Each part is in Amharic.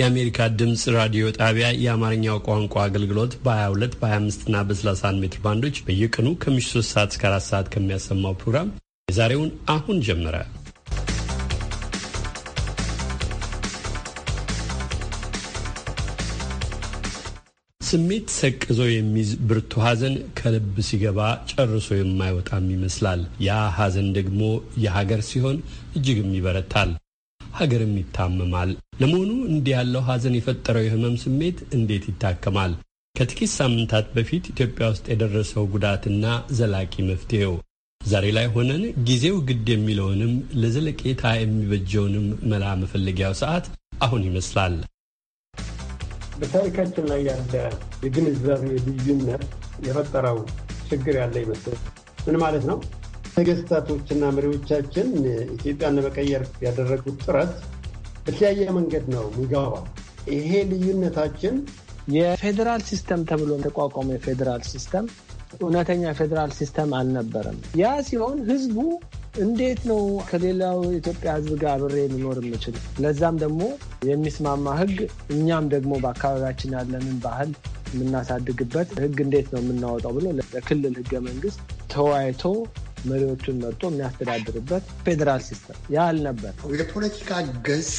የአሜሪካ ድምፅ ራዲዮ ጣቢያ የአማርኛው ቋንቋ አገልግሎት በ22 በ25ና በ31 ሜትር ባንዶች በየቀኑ ከምሽቱ 3 ሰዓት እስከ 4 ሰዓት ከሚያሰማው ፕሮግራም የዛሬውን አሁን ጀመረ። ስሜት ሰቅዞ የሚይዝ ብርቱ ሐዘን ከልብ ሲገባ ጨርሶ የማይወጣም ይመስላል። ያ ሐዘን ደግሞ የሀገር ሲሆን እጅግም ይበረታል። ሀገርም ይታመማል። ለመሆኑ እንዲህ ያለው ሀዘን የፈጠረው የህመም ስሜት እንዴት ይታከማል? ከጥቂት ሳምንታት በፊት ኢትዮጵያ ውስጥ የደረሰው ጉዳትና ዘላቂ መፍትሄው ዛሬ ላይ ሆነን ጊዜው ግድ የሚለውንም ለዘለቄታ የሚበጀውንም መላ መፈለጊያው ሰዓት አሁን ይመስላል። በታሪካችን ላይ ያለ የግንዛቤ ልዩነት የፈጠረው ችግር ያለ ይመስል ምን ማለት ነው? ነገስታቶችና መሪዎቻችን ኢትዮጵያን ለመቀየር ያደረጉት ጥረት በተለያየ መንገድ ነው የሚገባው። ይሄ ልዩነታችን የፌዴራል ሲስተም ተብሎ የተቋቋመው የፌዴራል ሲስተም እውነተኛ ፌዴራል ሲስተም አልነበረም። ያ ሲሆን ህዝቡ እንዴት ነው ከሌላው ኢትዮጵያ ህዝብ ጋር አብሬ ልኖር የምችል? ለዛም ደግሞ የሚስማማ ህግ፣ እኛም ደግሞ በአካባቢያችን ያለንን ባህል የምናሳድግበት ህግ እንዴት ነው የምናወጣው ብሎ ለክልል ህገ መንግስት ተወያይቶ መሪዎቹን መጥቶ የሚያስተዳድርበት ፌዴራል ሲስተም ያህል ነበር። የፖለቲካ ገጽ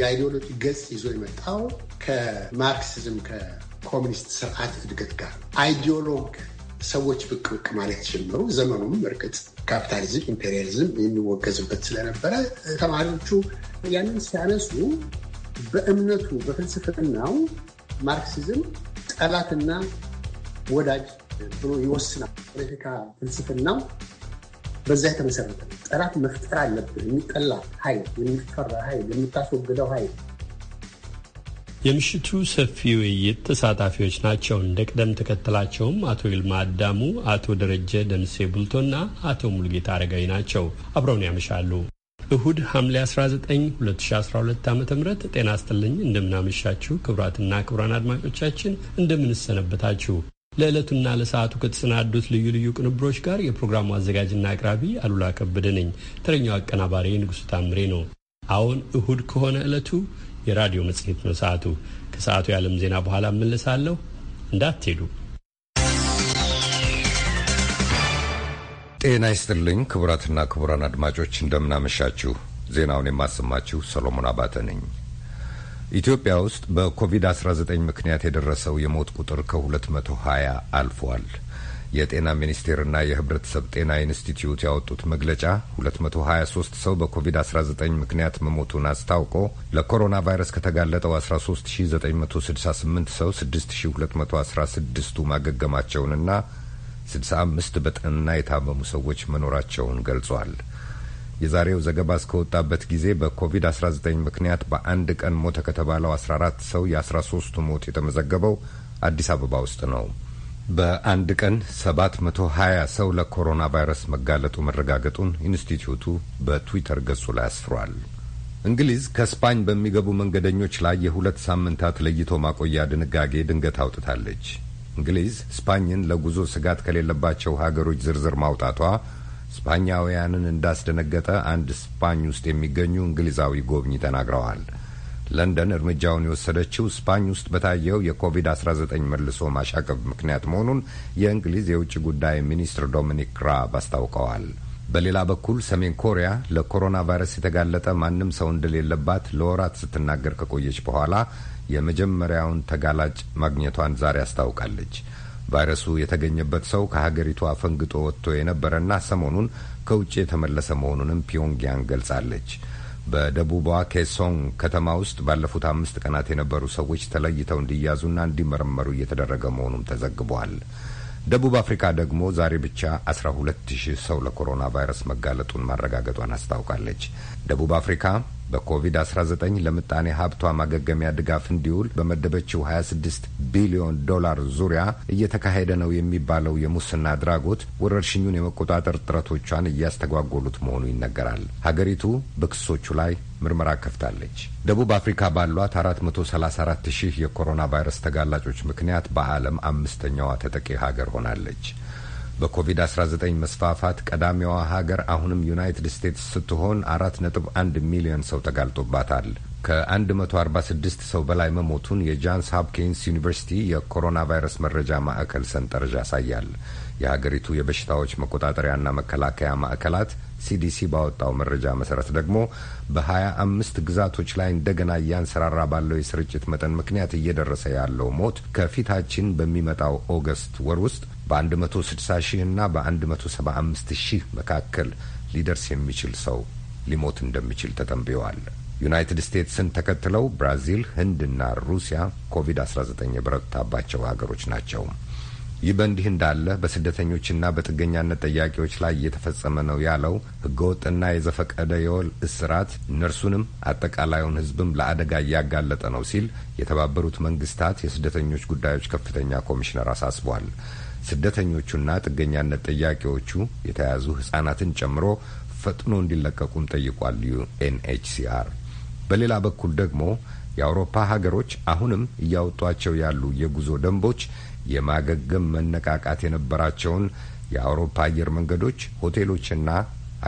የአይዲዮሎጂ ገጽ ይዞ የመጣው ከማርክሲዝም ከኮሚኒስት ስርዓት እድገት ጋር አይዲዮሎግ ሰዎች ብቅ ብቅ ማለት ጀምሩ ዘመኑም እርግጥ ካፒታሊዝም፣ ኢምፔሪያሊዝም የሚወገዝበት ስለነበረ ተማሪዎቹ ያንን ሲያነሱ በእምነቱ በፍልስፍናው ማርክሲዝም ጠላትና ወዳጅ ብሎ ይወስናል። ፖለቲካ ፍልስፍናው በዚያ የተመሰረተ ጠላት መፍጠር አለብህ። የሚጠላ ኃይል፣ የሚፈራ ኃይል፣ የምታስወግደው ኃይል የምሽቱ ሰፊ ውይይት ተሳታፊዎች ናቸው። እንደ ቅደም ተከተላቸውም አቶ ይልማ አዳሙ፣ አቶ ደረጀ ደምሴ ቡልቶና አቶ ሙልጌታ አረጋዊ ናቸው። አብረውን ያመሻሉ። እሁድ ሐምሌ 19 2012 ዓ ም ጤና ስጥልኝ እንደምናመሻችሁ ክቡራትና ክቡራን አድማጮቻችን እንደምንሰነበታችሁ ለዕለቱና ለሰዓቱ ከተሰናዱት ልዩ ልዩ ቅንብሮች ጋር የፕሮግራሙ አዘጋጅና አቅራቢ አሉላ ከበደ ነኝ። ተረኛው አቀናባሪ ንጉሱ ታምሬ ነው። አሁን እሁድ ከሆነ ዕለቱ የራዲዮ መጽሔት ነው። ሰዓቱ ከሰዓቱ የዓለም ዜና በኋላ እመለሳለሁ። እንዳትሄዱ። ጤና ይስጥልኝ ክቡራትና ክቡራን አድማጮች እንደምናመሻችሁ። ዜናውን የማሰማችሁ ሰሎሞን አባተ ነኝ። ኢትዮጵያ ውስጥ በኮቪድ-19 ምክንያት የደረሰው የሞት ቁጥር ከ220 አልፏል። የጤና ሚኒስቴርና የሕብረተሰብ ጤና ኢንስቲትዩት ያወጡት መግለጫ 223 ሰው በኮቪድ-19 ምክንያት መሞቱን አስታውቆ ለኮሮና ቫይረስ ከተጋለጠው 13968 ሰው 6216ቱ ማገገማቸውንና 65 በጠና የታመሙ ሰዎች መኖራቸውን ገልጿል። የዛሬው ዘገባ እስከወጣበት ጊዜ በኮቪድ-19 ምክንያት በአንድ ቀን ሞተ ከተባለው 14 ሰው የ13ቱ ሞት የተመዘገበው አዲስ አበባ ውስጥ ነው። በአንድ ቀን 720 ሰው ለኮሮና ቫይረስ መጋለጡ መረጋገጡን ኢንስቲትዩቱ በትዊተር ገጹ ላይ አስፍሯል። እንግሊዝ ከስፓኝ በሚገቡ መንገደኞች ላይ የሁለት ሳምንታት ለይቶ ማቆያ ድንጋጌ ድንገት አውጥታለች። እንግሊዝ ስፓኝን ለጉዞ ስጋት ከሌለባቸው ሀገሮች ዝርዝር ማውጣቷ ስፓኛውያንን እንዳስደነገጠ አንድ ስፓኝ ውስጥ የሚገኙ እንግሊዛዊ ጎብኚ ተናግረዋል። ለንደን እርምጃውን የወሰደችው ስፓኝ ውስጥ በታየው የኮቪድ-19 መልሶ ማሻቀብ ምክንያት መሆኑን የእንግሊዝ የውጭ ጉዳይ ሚኒስትር ዶሚኒክ ራብ አስታውቀዋል። በሌላ በኩል ሰሜን ኮሪያ ለኮሮና ቫይረስ የተጋለጠ ማንም ሰው እንደሌለባት ለወራት ስትናገር ከቆየች በኋላ የመጀመሪያውን ተጋላጭ ማግኘቷን ዛሬ አስታውቃለች። ቫይረሱ የተገኘበት ሰው ከሀገሪቱ አፈንግጦ ወጥቶ የነበረና ሰሞኑን ከውጭ የተመለሰ መሆኑንም ፒዮንግያንግ ገልጻለች። በደቡቧ ኬሶንግ ከተማ ውስጥ ባለፉት አምስት ቀናት የነበሩ ሰዎች ተለይተው እንዲያዙና እንዲመረመሩ እየተደረገ መሆኑም ተዘግቧል። ደቡብ አፍሪካ ደግሞ ዛሬ ብቻ አስራ ሺህ ሰው ለኮሮና ቫይረስ መጋለጡን ማረጋገጧን አስታውቃለች። ደቡብ አፍሪካ በኮቪድ-19 ለምጣኔ ሀብቷ ማገገሚያ ድጋፍ እንዲውል በመደበችው 26 ቢሊዮን ዶላር ዙሪያ እየተካሄደ ነው የሚባለው የሙስና አድራጎት ወረርሽኙን የመቆጣጠር ጥረቶቿን እያስተጓጎሉት መሆኑ ይነገራል። ሀገሪቱ በክሶቹ ላይ ምርመራ ከፍታለች። ደቡብ አፍሪካ ባሏት 434 ሺህ የኮሮና ቫይረስ ተጋላጮች ምክንያት በዓለም አምስተኛዋ ተጠቂ ሀገር ሆናለች። በኮቪድ-19 መስፋፋት ቀዳሚዋ ሀገር አሁንም ዩናይትድ ስቴትስ ስትሆን 4.1 ሚሊዮን ሰው ተጋልጦባታል። ከ146 ሰው በላይ መሞቱን የጃንስ ሀፕኪንስ ዩኒቨርሲቲ የኮሮና ቫይረስ መረጃ ማዕከል ሰንጠረዥ ያሳያል። የሀገሪቱ የበሽታዎች መቆጣጠሪያና መከላከያ ማዕከላት ሲዲሲ ባወጣው መረጃ መሰረት ደግሞ በሀያ አምስት ግዛቶች ላይ እንደገና እያንሰራራ ባለው የስርጭት መጠን ምክንያት እየደረሰ ያለው ሞት ከፊታችን በሚመጣው ኦገስት ወር ውስጥ በ160 ሺህ እና በ175 ሺህ መካከል ሊደርስ የሚችል ሰው ሊሞት እንደሚችል ተተንብየዋል። ዩናይትድ ስቴትስን ተከትለው ብራዚል፣ ህንድና ሩሲያ ኮቪድ-19 የበረታባቸው ሀገሮች ናቸው። ይህ በእንዲህ እንዳለ በስደተኞችና በጥገኛነት ጠያቂዎች ላይ እየተፈጸመ ነው ያለው ህገወጥና የዘፈቀደ የወል እስራት እነርሱንም አጠቃላዩን ህዝብም ለአደጋ እያጋለጠ ነው ሲል የተባበሩት መንግስታት የስደተኞች ጉዳዮች ከፍተኛ ኮሚሽነር አሳስቧል። ስደተኞቹና ጥገኛነት ጠያቂዎቹ የተያዙ ህጻናትን ጨምሮ ፈጥኖ እንዲለቀቁም ጠይቋል ዩኤንኤችሲአር። በሌላ በኩል ደግሞ የአውሮፓ ሀገሮች አሁንም እያወጧቸው ያሉ የጉዞ ደንቦች የማገገም መነቃቃት የነበራቸውን የአውሮፓ አየር መንገዶች ሆቴሎችና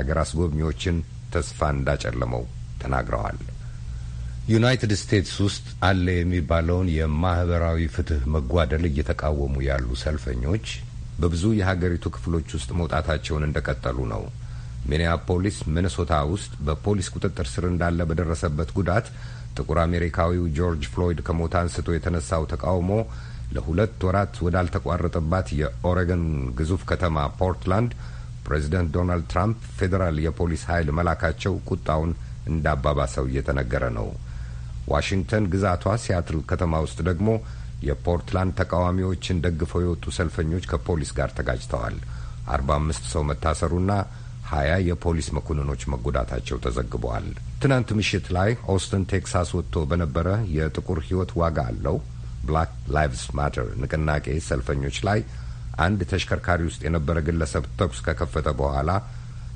አገር አስጎብኚዎችን ተስፋ እንዳጨለመው ተናግረዋል። ዩናይትድ ስቴትስ ውስጥ አለ የሚባለውን የማህበራዊ ፍትህ መጓደል እየተቃወሙ ያሉ ሰልፈኞች በብዙ የሀገሪቱ ክፍሎች ውስጥ መውጣታቸውን እንደቀጠሉ ነው። ሚኒያፖሊስ ሚነሶታ ውስጥ በፖሊስ ቁጥጥር ስር እንዳለ በደረሰበት ጉዳት ጥቁር አሜሪካዊው ጆርጅ ፍሎይድ ከሞት አንስቶ የተነሳው ተቃውሞ ለሁለት ወራት ወዳልተቋረጠባት የኦሬገን ግዙፍ ከተማ ፖርትላንድ ፕሬዚደንት ዶናልድ ትራምፕ ፌዴራል የፖሊስ ኃይል መላካቸው ቁጣውን እንዳባባሰው እየተነገረ ነው። ዋሽንግተን ግዛቷ ሲያትል ከተማ ውስጥ ደግሞ የፖርትላንድ ተቃዋሚዎችን ደግፈው የወጡ ሰልፈኞች ከፖሊስ ጋር ተጋጅተዋል። አርባ አምስት ሰው መታሰሩና ሀያ የፖሊስ መኮንኖች መጎዳታቸው ተዘግበዋል። ትናንት ምሽት ላይ ኦስትን ቴክሳስ ወጥቶ በነበረ የጥቁር ሕይወት ዋጋ አለው ብላክ ላይቭስ ማተር ንቅናቄ ሰልፈኞች ላይ አንድ ተሽከርካሪ ውስጥ የነበረ ግለሰብ ተኩስ ከከፈተ በኋላ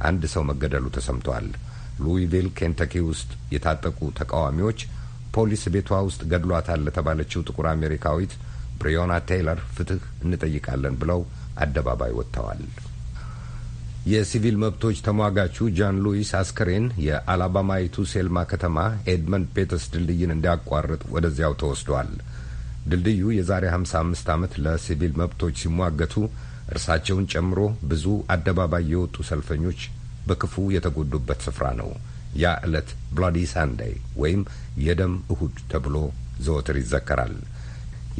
አንድ ሰው መገደሉ ተሰምቷል። ሉዊቪል ኬንተኪ ውስጥ የታጠቁ ተቃዋሚዎች ፖሊስ ቤቷ ውስጥ ገድሏታል ለተባለችው ጥቁር አሜሪካዊት ብሪዮና ቴይለር ፍትህ እንጠይቃለን ብለው አደባባይ ወጥተዋል። የሲቪል መብቶች ተሟጋቹ ጃን ሉዊስ አስከሬን የአላባማይቱ ሴልማ ከተማ ኤድመንድ ፔተስ ድልድይን እንዲያቋርጥ ወደዚያው ተወስዷል። ድልድዩ የዛሬ 55 ዓመት ለሲቪል መብቶች ሲሟገቱ እርሳቸውን ጨምሮ ብዙ አደባባይ የወጡ ሰልፈኞች በክፉ የተጎዱበት ስፍራ ነው። ያ ዕለት ብሎዲ ሳንዴይ ወይም የደም እሁድ ተብሎ ዘወትር ይዘከራል።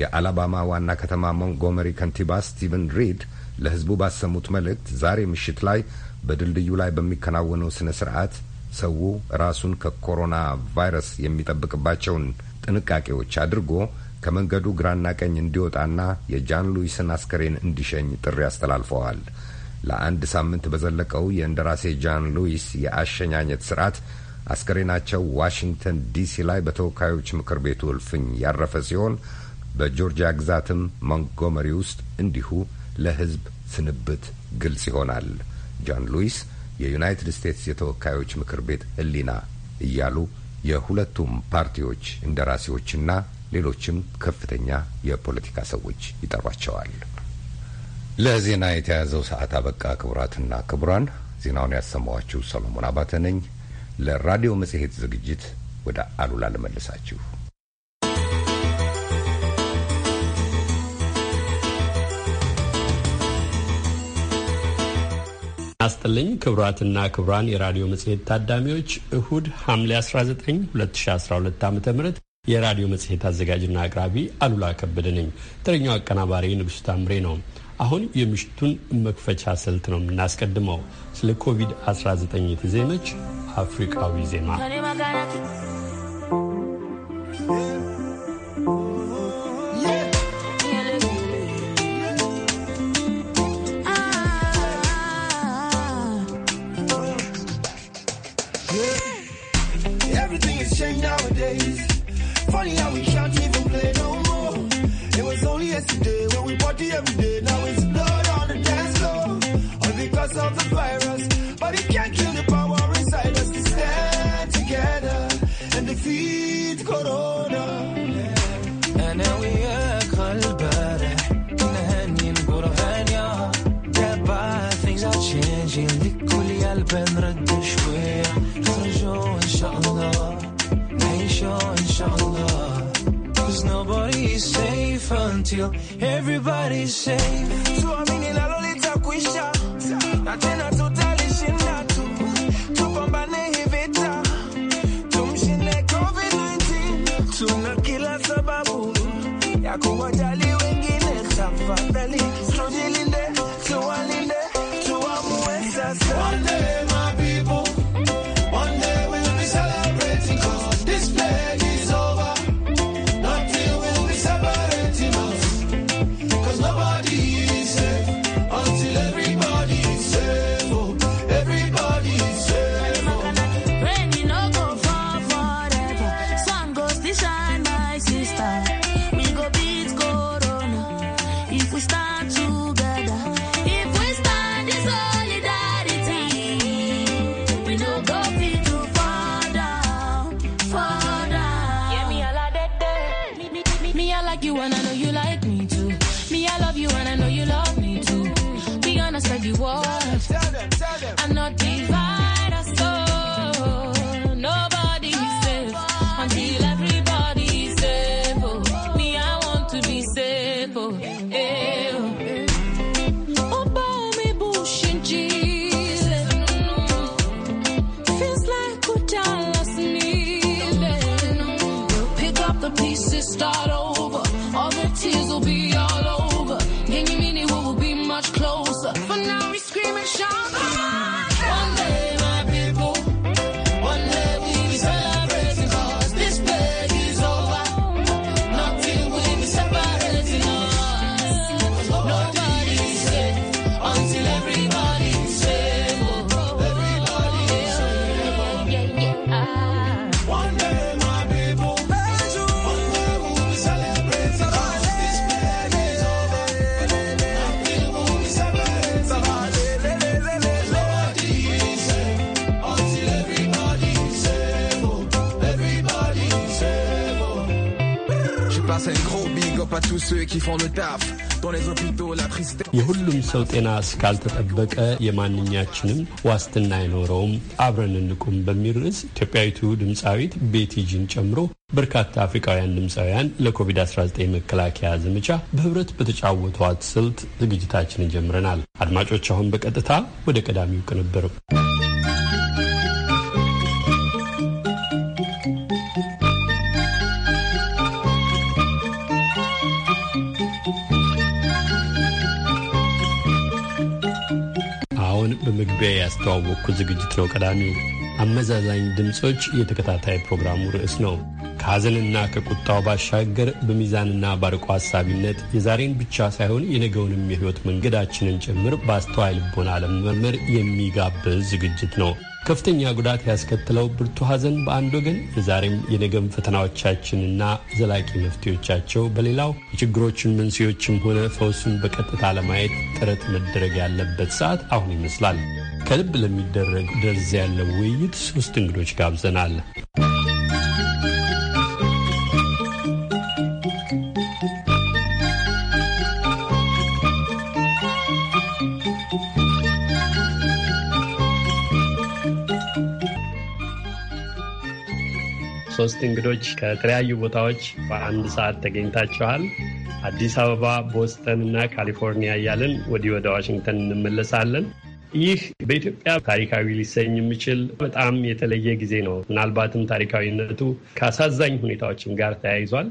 የአላባማ ዋና ከተማ ሞንጎመሪ ከንቲባ ስቲቨን ሪድ ለሕዝቡ ባሰሙት መልእክት ዛሬ ምሽት ላይ በድልድዩ ላይ በሚከናወነው ስነ ስርዓት ሰው ራሱን ከኮሮና ቫይረስ የሚጠብቅባቸውን ጥንቃቄዎች አድርጎ ከመንገዱ ግራና ቀኝ እንዲወጣና የጃን ሉዊስን አስከሬን እንዲሸኝ ጥሪ አስተላልፈዋል። ለአንድ ሳምንት በዘለቀው የእንደራሴ ጃን ሉዊስ የአሸኛኘት ስርዓት አስከሬናቸው ዋሽንግተን ዲሲ ላይ በተወካዮች ምክር ቤቱ እልፍኝ ያረፈ ሲሆን በጆርጂያ ግዛትም ሞንትጎመሪ ውስጥ እንዲሁ ለሕዝብ ስንብት ግልጽ ይሆናል። ጃን ሉዊስ የዩናይትድ ስቴትስ የተወካዮች ምክር ቤት ሕሊና እያሉ የሁለቱም ፓርቲዎች እንደራሴዎችና ሌሎችም ከፍተኛ የፖለቲካ ሰዎች ይጠሯቸዋል። ለዜና የተያዘው ሰዓት አበቃ። ክቡራትና ክቡራን፣ ዜናውን ያሰማኋችሁ ሰሎሞን አባተ ነኝ። ለራዲዮ መጽሔት ዝግጅት ወደ አሉላ ልመልሳችሁ። አስጥልኝ ክቡራትና ክቡራን የራዲዮ መጽሔት ታዳሚዎች እሁድ ሐምሌ 19 2012 ዓ ም የራዲዮ መጽሔት አዘጋጅና አቅራቢ አሉላ ከበደ ነኝ። ተረኛው አቀናባሪ ንጉሥ ታምሬ ነው። አሁን የምሽቱን መክፈቻ ስልት ነው የምናስቀድመው። ስለ ኮቪድ-19 የተዜመች አፍሪካዊ ዜማ Everything is changed nowadays Funny how we can't even play no more. It was only yesterday when we party every day. Now it's blood on the dance floor. All because of the virus. But it can't kill the power inside us to stand together and defeat Corona. And أنا وياك على البارح نهني نقول هانيا تبع things are changing لكل قلب نرد شوية نرجو إن شاء الله Cause nobody's safe until everybody's safe. Tuamini nalo litakwisha, na tena tutalishinda tu, tupambane hii tumshinde COVID-19. Tuna kila sababu ya kuwajali wengine, tafadhali የሁሉም ሰው ጤና እስካልተጠበቀ የማንኛችንም ዋስትና አይኖረውም፣ አብረን እንቁም በሚል ርዕስ ኢትዮጵያዊቱ ድምፃዊት ቤቲጂን ጨምሮ በርካታ አፍሪካውያን ድምፃውያን ለኮቪድ-19 መከላከያ ዘመቻ በህብረት በተጫወቷት ስልት ዝግጅታችንን ጀምረናል። አድማጮች አሁን በቀጥታ ወደ ቀዳሚው ቅንብርም ያስተዋወቅኩ ዝግጅት ነው። ቀዳሚው አመዛዛኝ ድምፆች የተከታታይ ፕሮግራሙ ርዕስ ነው። ከሐዘንና ከቁጣው ባሻገር በሚዛንና ባርቆ ሐሳቢነት የዛሬን ብቻ ሳይሆን የነገውንም የሕይወት መንገዳችንን ጭምር በአስተዋይ ልቦና ለመመርመር የሚጋብዝ ዝግጅት ነው። ከፍተኛ ጉዳት ያስከትለው ብርቱ ሐዘን በአንድ ወገን፣ የዛሬም የነገም ፈተናዎቻችንና ዘላቂ መፍትሄዎቻቸው በሌላው፣ የችግሮችን መንስኤዎችም ሆነ ፈውሱን በቀጥታ ለማየት ጥረት መደረግ ያለበት ሰዓት አሁን ይመስላል። ከልብ ለሚደረግ ደርዝ ያለው ውይይት ሶስት እንግዶች ጋብዘናል። ሶስት እንግዶች ከተለያዩ ቦታዎች በአንድ ሰዓት ተገኝታችኋል። አዲስ አበባ፣ ቦስተን እና ካሊፎርኒያ እያለን ወዲህ ወደ ዋሽንግተን እንመለሳለን። ይህ በኢትዮጵያ ታሪካዊ ሊሰኝ የሚችል በጣም የተለየ ጊዜ ነው። ምናልባትም ታሪካዊነቱ ከአሳዛኝ ሁኔታዎችም ጋር ተያይዟል።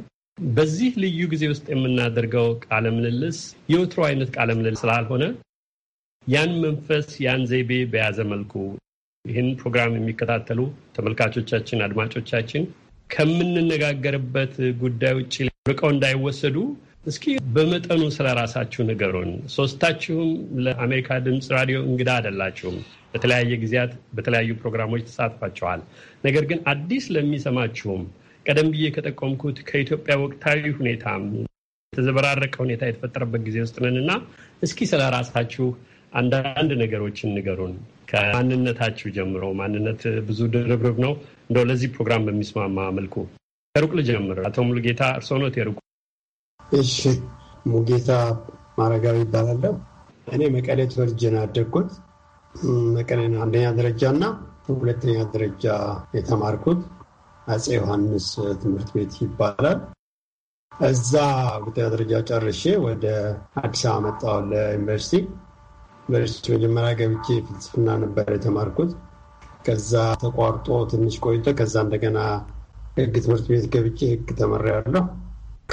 በዚህ ልዩ ጊዜ ውስጥ የምናደርገው ቃለ ምልልስ የወትሮ አይነት ቃለ ምልልስ ስላልሆነ ያን መንፈስ ያን ዘይቤ በያዘ መልኩ ይህን ፕሮግራም የሚከታተሉ ተመልካቾቻችን፣ አድማጮቻችን ከምንነጋገርበት ጉዳይ ውጭ ርቀው እንዳይወሰዱ እስኪ በመጠኑ ስለ ራሳችሁ ንገሩን። ሶስታችሁም ለአሜሪካ ድምፅ ራዲዮ እንግዳ አይደላችሁም። በተለያየ ጊዜያት በተለያዩ ፕሮግራሞች ተሳትፋችኋል። ነገር ግን አዲስ ለሚሰማችሁም ቀደም ብዬ ከጠቆምኩት ከኢትዮጵያ ወቅታዊ ሁኔታ የተዘበራረቀ ሁኔታ የተፈጠረበት ጊዜ ውስጥ ነን እና እስኪ ስለ ራሳችሁ አንዳንድ ነገሮችን ንገሩን። ከማንነታችሁ ጀምሮ ማንነት ብዙ ድርብርብ ነው። እንደው ለዚህ ፕሮግራም በሚስማማ መልኩ ከሩቅ ልጀምር። አቶ ሙሉጌታ እርስዎ የሩቁ እሺ ሙጌታ ማረጋዊ ይባላለሁ። እኔ መቀሌ ተወልጄ ነው ያደግኩት። መቀሌ አንደኛ ደረጃ እና ሁለተኛ ደረጃ የተማርኩት አጼ ዮሐንስ ትምህርት ቤት ይባላል። እዛ ሁለተኛ ደረጃ ጨርሼ ወደ አዲስ አበባ መጣሁ ለዩኒቨርሲቲ። ዩኒቨርሲቲ መጀመሪያ ገብቼ ፍልስፍና ነበር የተማርኩት። ከዛ ተቋርጦ ትንሽ ቆይቶ ከዛ እንደገና ሕግ ትምህርት ቤት ገብቼ ሕግ ተመሪያለሁ።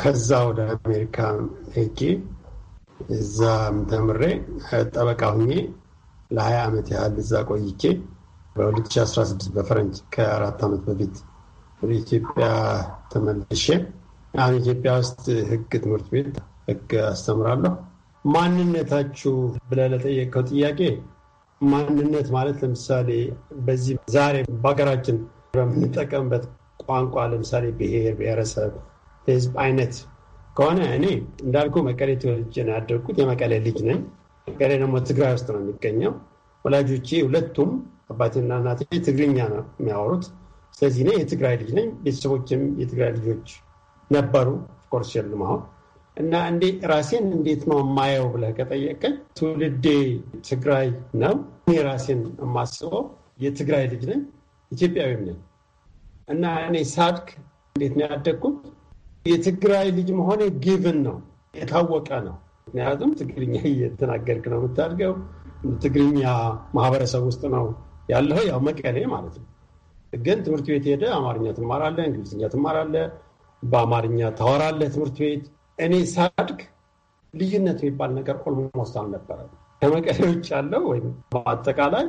ከዛ ወደ አሜሪካ ሄጄ እዛ ተምሬ ጠበቃ ሁኜ ለ20 ዓመት ያህል እዛ ቆይቼ በ2016 በፈረንጅ ከአራት ዓመት በፊት ወደ ኢትዮጵያ ተመልሼ አሁን ኢትዮጵያ ውስጥ ሕግ ትምህርት ቤት ሕግ አስተምራለሁ። ማንነታችሁ ብለህ ለጠየቀው ጥያቄ ማንነት ማለት ለምሳሌ በዚህ ዛሬ በሀገራችን በምንጠቀምበት ቋንቋ ለምሳሌ ብሔር ብሔረሰብ ህዝብ አይነት ከሆነ እኔ እንዳልኩ መቀሌ ተወልጄ ነው ያደርኩት። የመቀሌ ልጅ ነኝ። መቀሌ ደግሞ ትግራይ ውስጥ ነው የሚገኘው። ወላጆቼ ሁለቱም አባቴና እናቴ ትግርኛ ነው የሚያወሩት። ስለዚህ እኔ የትግራይ ልጅ ነኝ። ቤተሰቦችም የትግራይ ልጆች ነበሩ፣ ኦፍኮርስ የሉም አሁን እና እንዴ ራሴን እንዴት ነው የማየው ብለህ ከጠየቀኝ ትውልዴ ትግራይ ነው። እኔ ራሴን የማስበው የትግራይ ልጅ ነኝ፣ ኢትዮጵያዊም ነኝ። እና እኔ ሳድግ እንዴት ነው ያደግኩት የትግራይ ልጅ መሆን ጊቭን ነው፣ የታወቀ ነው። ምክንያቱም ትግርኛ እየተናገርክ ነው የምታድገው። ትግርኛ ማህበረሰብ ውስጥ ነው ያለው፣ ያው መቀሌ ማለት ነው። ግን ትምህርት ቤት ሄደ አማርኛ ትማራለህ፣ እንግሊዝኛ ትማራለህ፣ በአማርኛ ታወራለህ ትምህርት ቤት። እኔ ሳድግ ልዩነት የሚባል ነገር ኦልሞስት አልነበረም። ከመቀሌ ውጭ ያለው ወይም በአጠቃላይ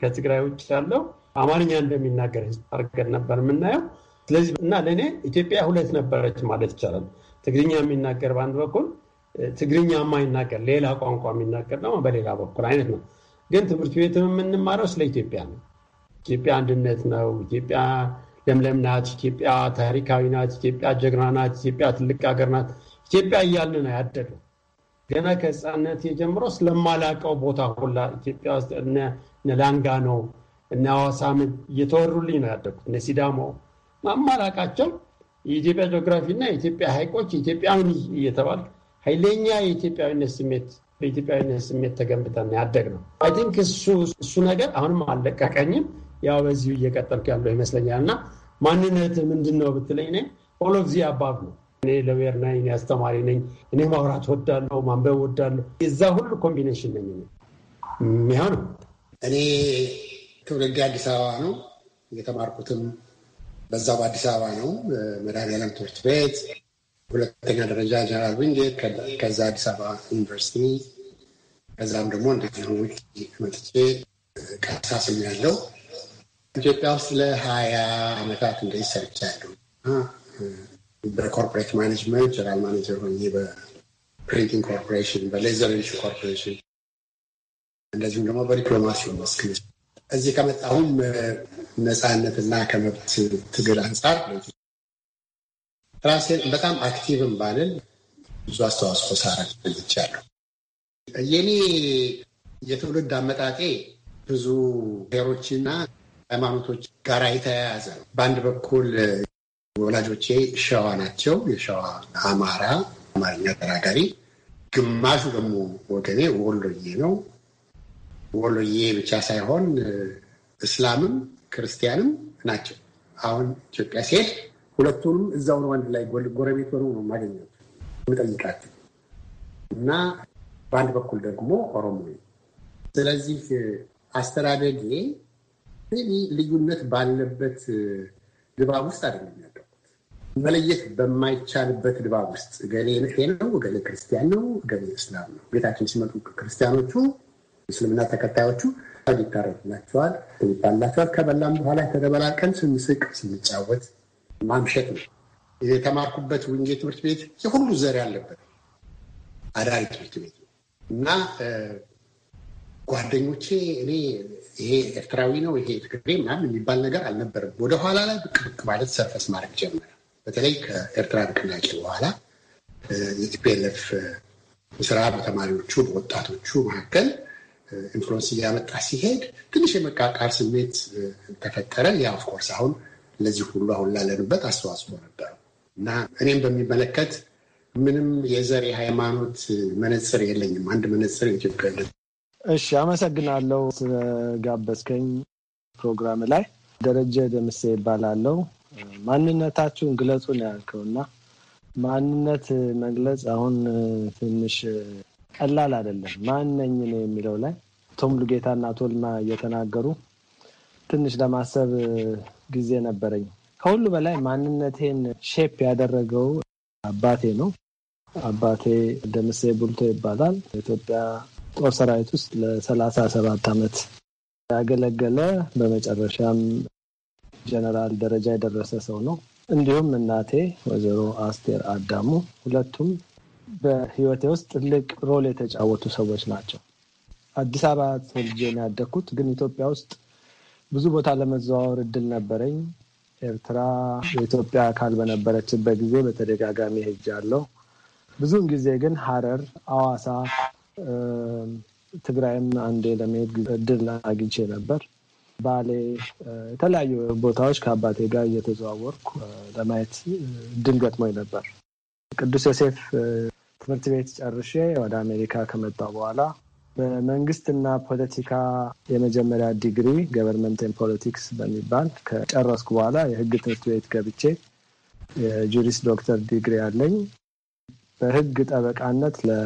ከትግራይ ውጭ ያለው አማርኛ እንደሚናገር ህዝብ አድርገን ነበር የምናየው። ስለዚህ እና ለእኔ ኢትዮጵያ ሁለት ነበረች ማለት ይቻላል። ትግርኛ የሚናገር በአንድ በኩል፣ ትግርኛ የማይናገር ሌላ ቋንቋ የሚናገር ደግሞ በሌላ በኩል አይነት ነው። ግን ትምህርት ቤትም የምንማረው ስለ ኢትዮጵያ ነው። ኢትዮጵያ አንድነት ነው። ኢትዮጵያ ለምለም ናት። ኢትዮጵያ ታሪካዊ ናት። ኢትዮጵያ ጀግና ናት። ኢትዮጵያ ትልቅ ሀገር ናት። ኢትዮጵያ እያልን ነው ያደገ ገና ከህፃነት የጀምሮ ስለማላቀው ቦታ ሁላ ኢትዮጵያ ውስጥ እነ ላንጋኖ እነ ሐዋሳ እየተወሩልኝ ነው ያደጉት እነ ሲዳሞ ማማራቃቸው የኢትዮጵያ ጂኦግራፊ እና የኢትዮጵያ ሀይቆች ኢትዮጵያዊ እየተባለ ኃይለኛ የኢትዮጵያዊነት ስሜት በኢትዮጵያዊነት ስሜት ተገንብተን ያደግ ነው። አይ ቲንክ እሱ እሱ ነገር አሁንም አለቀቀኝም። ያው በዚሁ እየቀጠልኩ ያለው ይመስለኛል። እና ማንነት ምንድን ነው ብትለኝ ኦሎፍ ዚ አባብ ነው። እኔ ለዌር ነኝ፣ እኔ አስተማሪ ነኝ፣ እኔ ማውራት ወዳለሁ፣ ማንበብ ወዳለሁ። የዛ ሁሉ ኮምቢኔሽን ነኝ ነው። እኔ ትውልድ አዲስ አበባ ነው የተማርኩትም በዛ በአዲስ አበባ ነው መድኃኔዓለም ትምህርት ቤት ሁለተኛ ደረጃ ጀነራል ዊንጌት፣ ከዛ አዲስ አበባ ዩኒቨርሲቲ፣ ከዛም ደግሞ እንደዚህ ውጭ መጥቼ ቀጥታ ያለው ኢትዮጵያ ውስጥ ለሀያ ዓመታት እንደዚህ ሰርቻለሁ። በኮርፖሬት ማኔጅመንት ጀነራል ማኔጀር ሆኜ በፕሪንቲንግ ኮርፖሬሽን፣ በሌዘር ኢንሹ ኮርፖሬሽን እንደዚሁም ደግሞ በዲፕሎማሲ መስክ እዚህ ከመጣሁም ነፃነትና ከመብት ትግል አንጻር ራሴን በጣም አክቲቭም ባልን ብዙ አስተዋጽኦ ሳረግ ይቻለሁ። የኔ የትውልድ አመጣጤ ብዙ ብሔሮችና ሃይማኖቶች ጋር የተያያዘ ነው። በአንድ በኩል ወላጆቼ ሸዋ ናቸው። የሸዋ አማራ፣ አማርኛ ተናጋሪ። ግማሹ ደግሞ ወገኔ ወሎዬ ነው። ወሎዬ ብቻ ሳይሆን እስላምም ክርስቲያንም ናቸው። አሁን ኢትዮጵያ ሲሄድ ሁለቱንም እዛውን ወንድ ላይ ጎረቤት ሆነው ነው የማገኘው የምጠይቃቸው እና በአንድ በኩል ደግሞ ኦሮሞ። ስለዚህ አስተዳደጌ ልዩነት ባለበት ድባብ ውስጥ አይደለም መለየት በማይቻልበት ድባብ ውስጥ ገሌ ነው፣ ገሌ ክርስቲያን ነው፣ ገሌ እስላም ነው። ቤታችን ሲመጡ ክርስቲያኖቹ እስልምና ተከታዮቹ ይታረድላቸዋል፣ ይባላቸዋል። ከበላም በኋላ የተደበላቀን ስንስቅ ስንጫወት ማምሸት ነው። የተማርኩበት ውንጌ ትምህርት ቤት የሁሉ ዘር ያለበት አዳሪ ትምህርት ቤት ነው እና ጓደኞቼ እኔ ይሄ ኤርትራዊ ነው ይሄ ትግሬ ምናምን የሚባል ነገር አልነበረም። ወደኋላ ላይ ብቅ ብቅ ማለት ሰርፈስ ማድረግ ጀመረ። በተለይ ከኤርትራ ንቅናቄ በኋላ የቲፒኤልኤፍ ስራ በተማሪዎቹ በወጣቶቹ መካከል ኢንፍሉዌንስ እያመጣ ሲሄድ ትንሽ የመቃቃር ስሜት ተፈጠረ። ያ ኦፍኮርስ አሁን ለዚህ ሁሉ አሁን ላለንበት አስተዋጽኦ ነበረው እና እኔም በሚመለከት ምንም የዘር የሃይማኖት መነጽር የለኝም። አንድ መነጽር ኢትዮጵያ። እሺ፣ አመሰግናለሁ ስለጋበዝከኝ። ፕሮግራም ላይ ደረጀ ደምሴ ይባላለው። ማንነታችሁን ግለጹ ነው ያልከው እና ማንነት መግለጽ አሁን ትንሽ ቀላል አይደለም። ማነኝ ነው የሚለው ላይ ቶም ሉጌታ እና ቶልና እየተናገሩ ትንሽ ለማሰብ ጊዜ ነበረኝ። ከሁሉ በላይ ማንነቴን ሼፕ ያደረገው አባቴ ነው። አባቴ ደምሴ ቡልቶ ይባላል። ኢትዮጵያ ጦር ሰራዊት ውስጥ ለሰላሳ ሰባት ዓመት ያገለገለ በመጨረሻም ጀነራል ደረጃ የደረሰ ሰው ነው። እንዲሁም እናቴ ወይዘሮ አስቴር አዳሙ ሁለቱም በህይወቴ ውስጥ ትልቅ ሮል የተጫወቱ ሰዎች ናቸው። አዲስ አበባ ተወልጄ ነው ያደግኩት፣ ግን ኢትዮጵያ ውስጥ ብዙ ቦታ ለመዘዋወር እድል ነበረኝ። ኤርትራ የኢትዮጵያ አካል በነበረችበት ጊዜ በተደጋጋሚ ሄጃለሁ። ብዙውን ጊዜ ግን ሐረር፣ አዋሳ፣ ትግራይም አንዴ ለመሄድ እድል አግኝቼ ነበር። ባሌ፣ የተለያዩ ቦታዎች ከአባቴ ጋር እየተዘዋወርኩ ለማየት እድል ገጥሞኝ ነበር። ቅዱስ ዮሴፍ ትምህርት ቤት ጨርሼ ወደ አሜሪካ ከመጣሁ በኋላ በመንግስትና ፖለቲካ የመጀመሪያ ዲግሪ ገቨርንመንትን ፖለቲክስ በሚባል ከጨረስኩ በኋላ የህግ ትምህርት ቤት ገብቼ የጁሪስ ዶክተር ዲግሪ አለኝ። በህግ ጠበቃነት ለ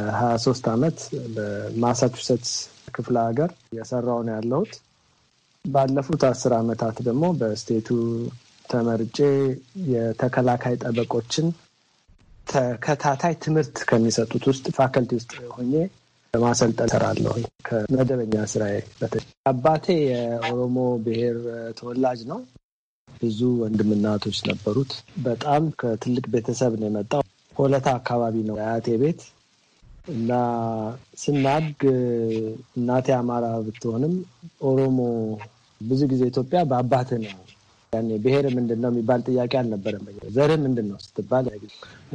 ሶስት ዓመት በማሳቹሴትስ ክፍለ ሀገር የሰራው ነው ያለሁት። ባለፉት አስር ዓመታት ደግሞ በስቴቱ ተመርጬ የተከላካይ ጠበቆችን ተከታታይ ትምህርት ከሚሰጡት ውስጥ ፋከልቲ ውስጥ ሆኜ ማሰልጠን እሰራለሁ ከመደበኛ ስራዬ። አባቴ የኦሮሞ ብሔር ተወላጅ ነው። ብዙ ወንድምናቶች ነበሩት። በጣም ከትልቅ ቤተሰብ ነው የመጣው። ሆለታ አካባቢ ነው አያቴ ቤት እና ስናድግ እናቴ አማራ ብትሆንም ኦሮሞ ብዙ ጊዜ ኢትዮጵያ በአባት ነው ያኔ ብሔር ምንድን ነው የሚባል ጥያቄ አልነበረም። ዘር ምንድን ነው ስትባል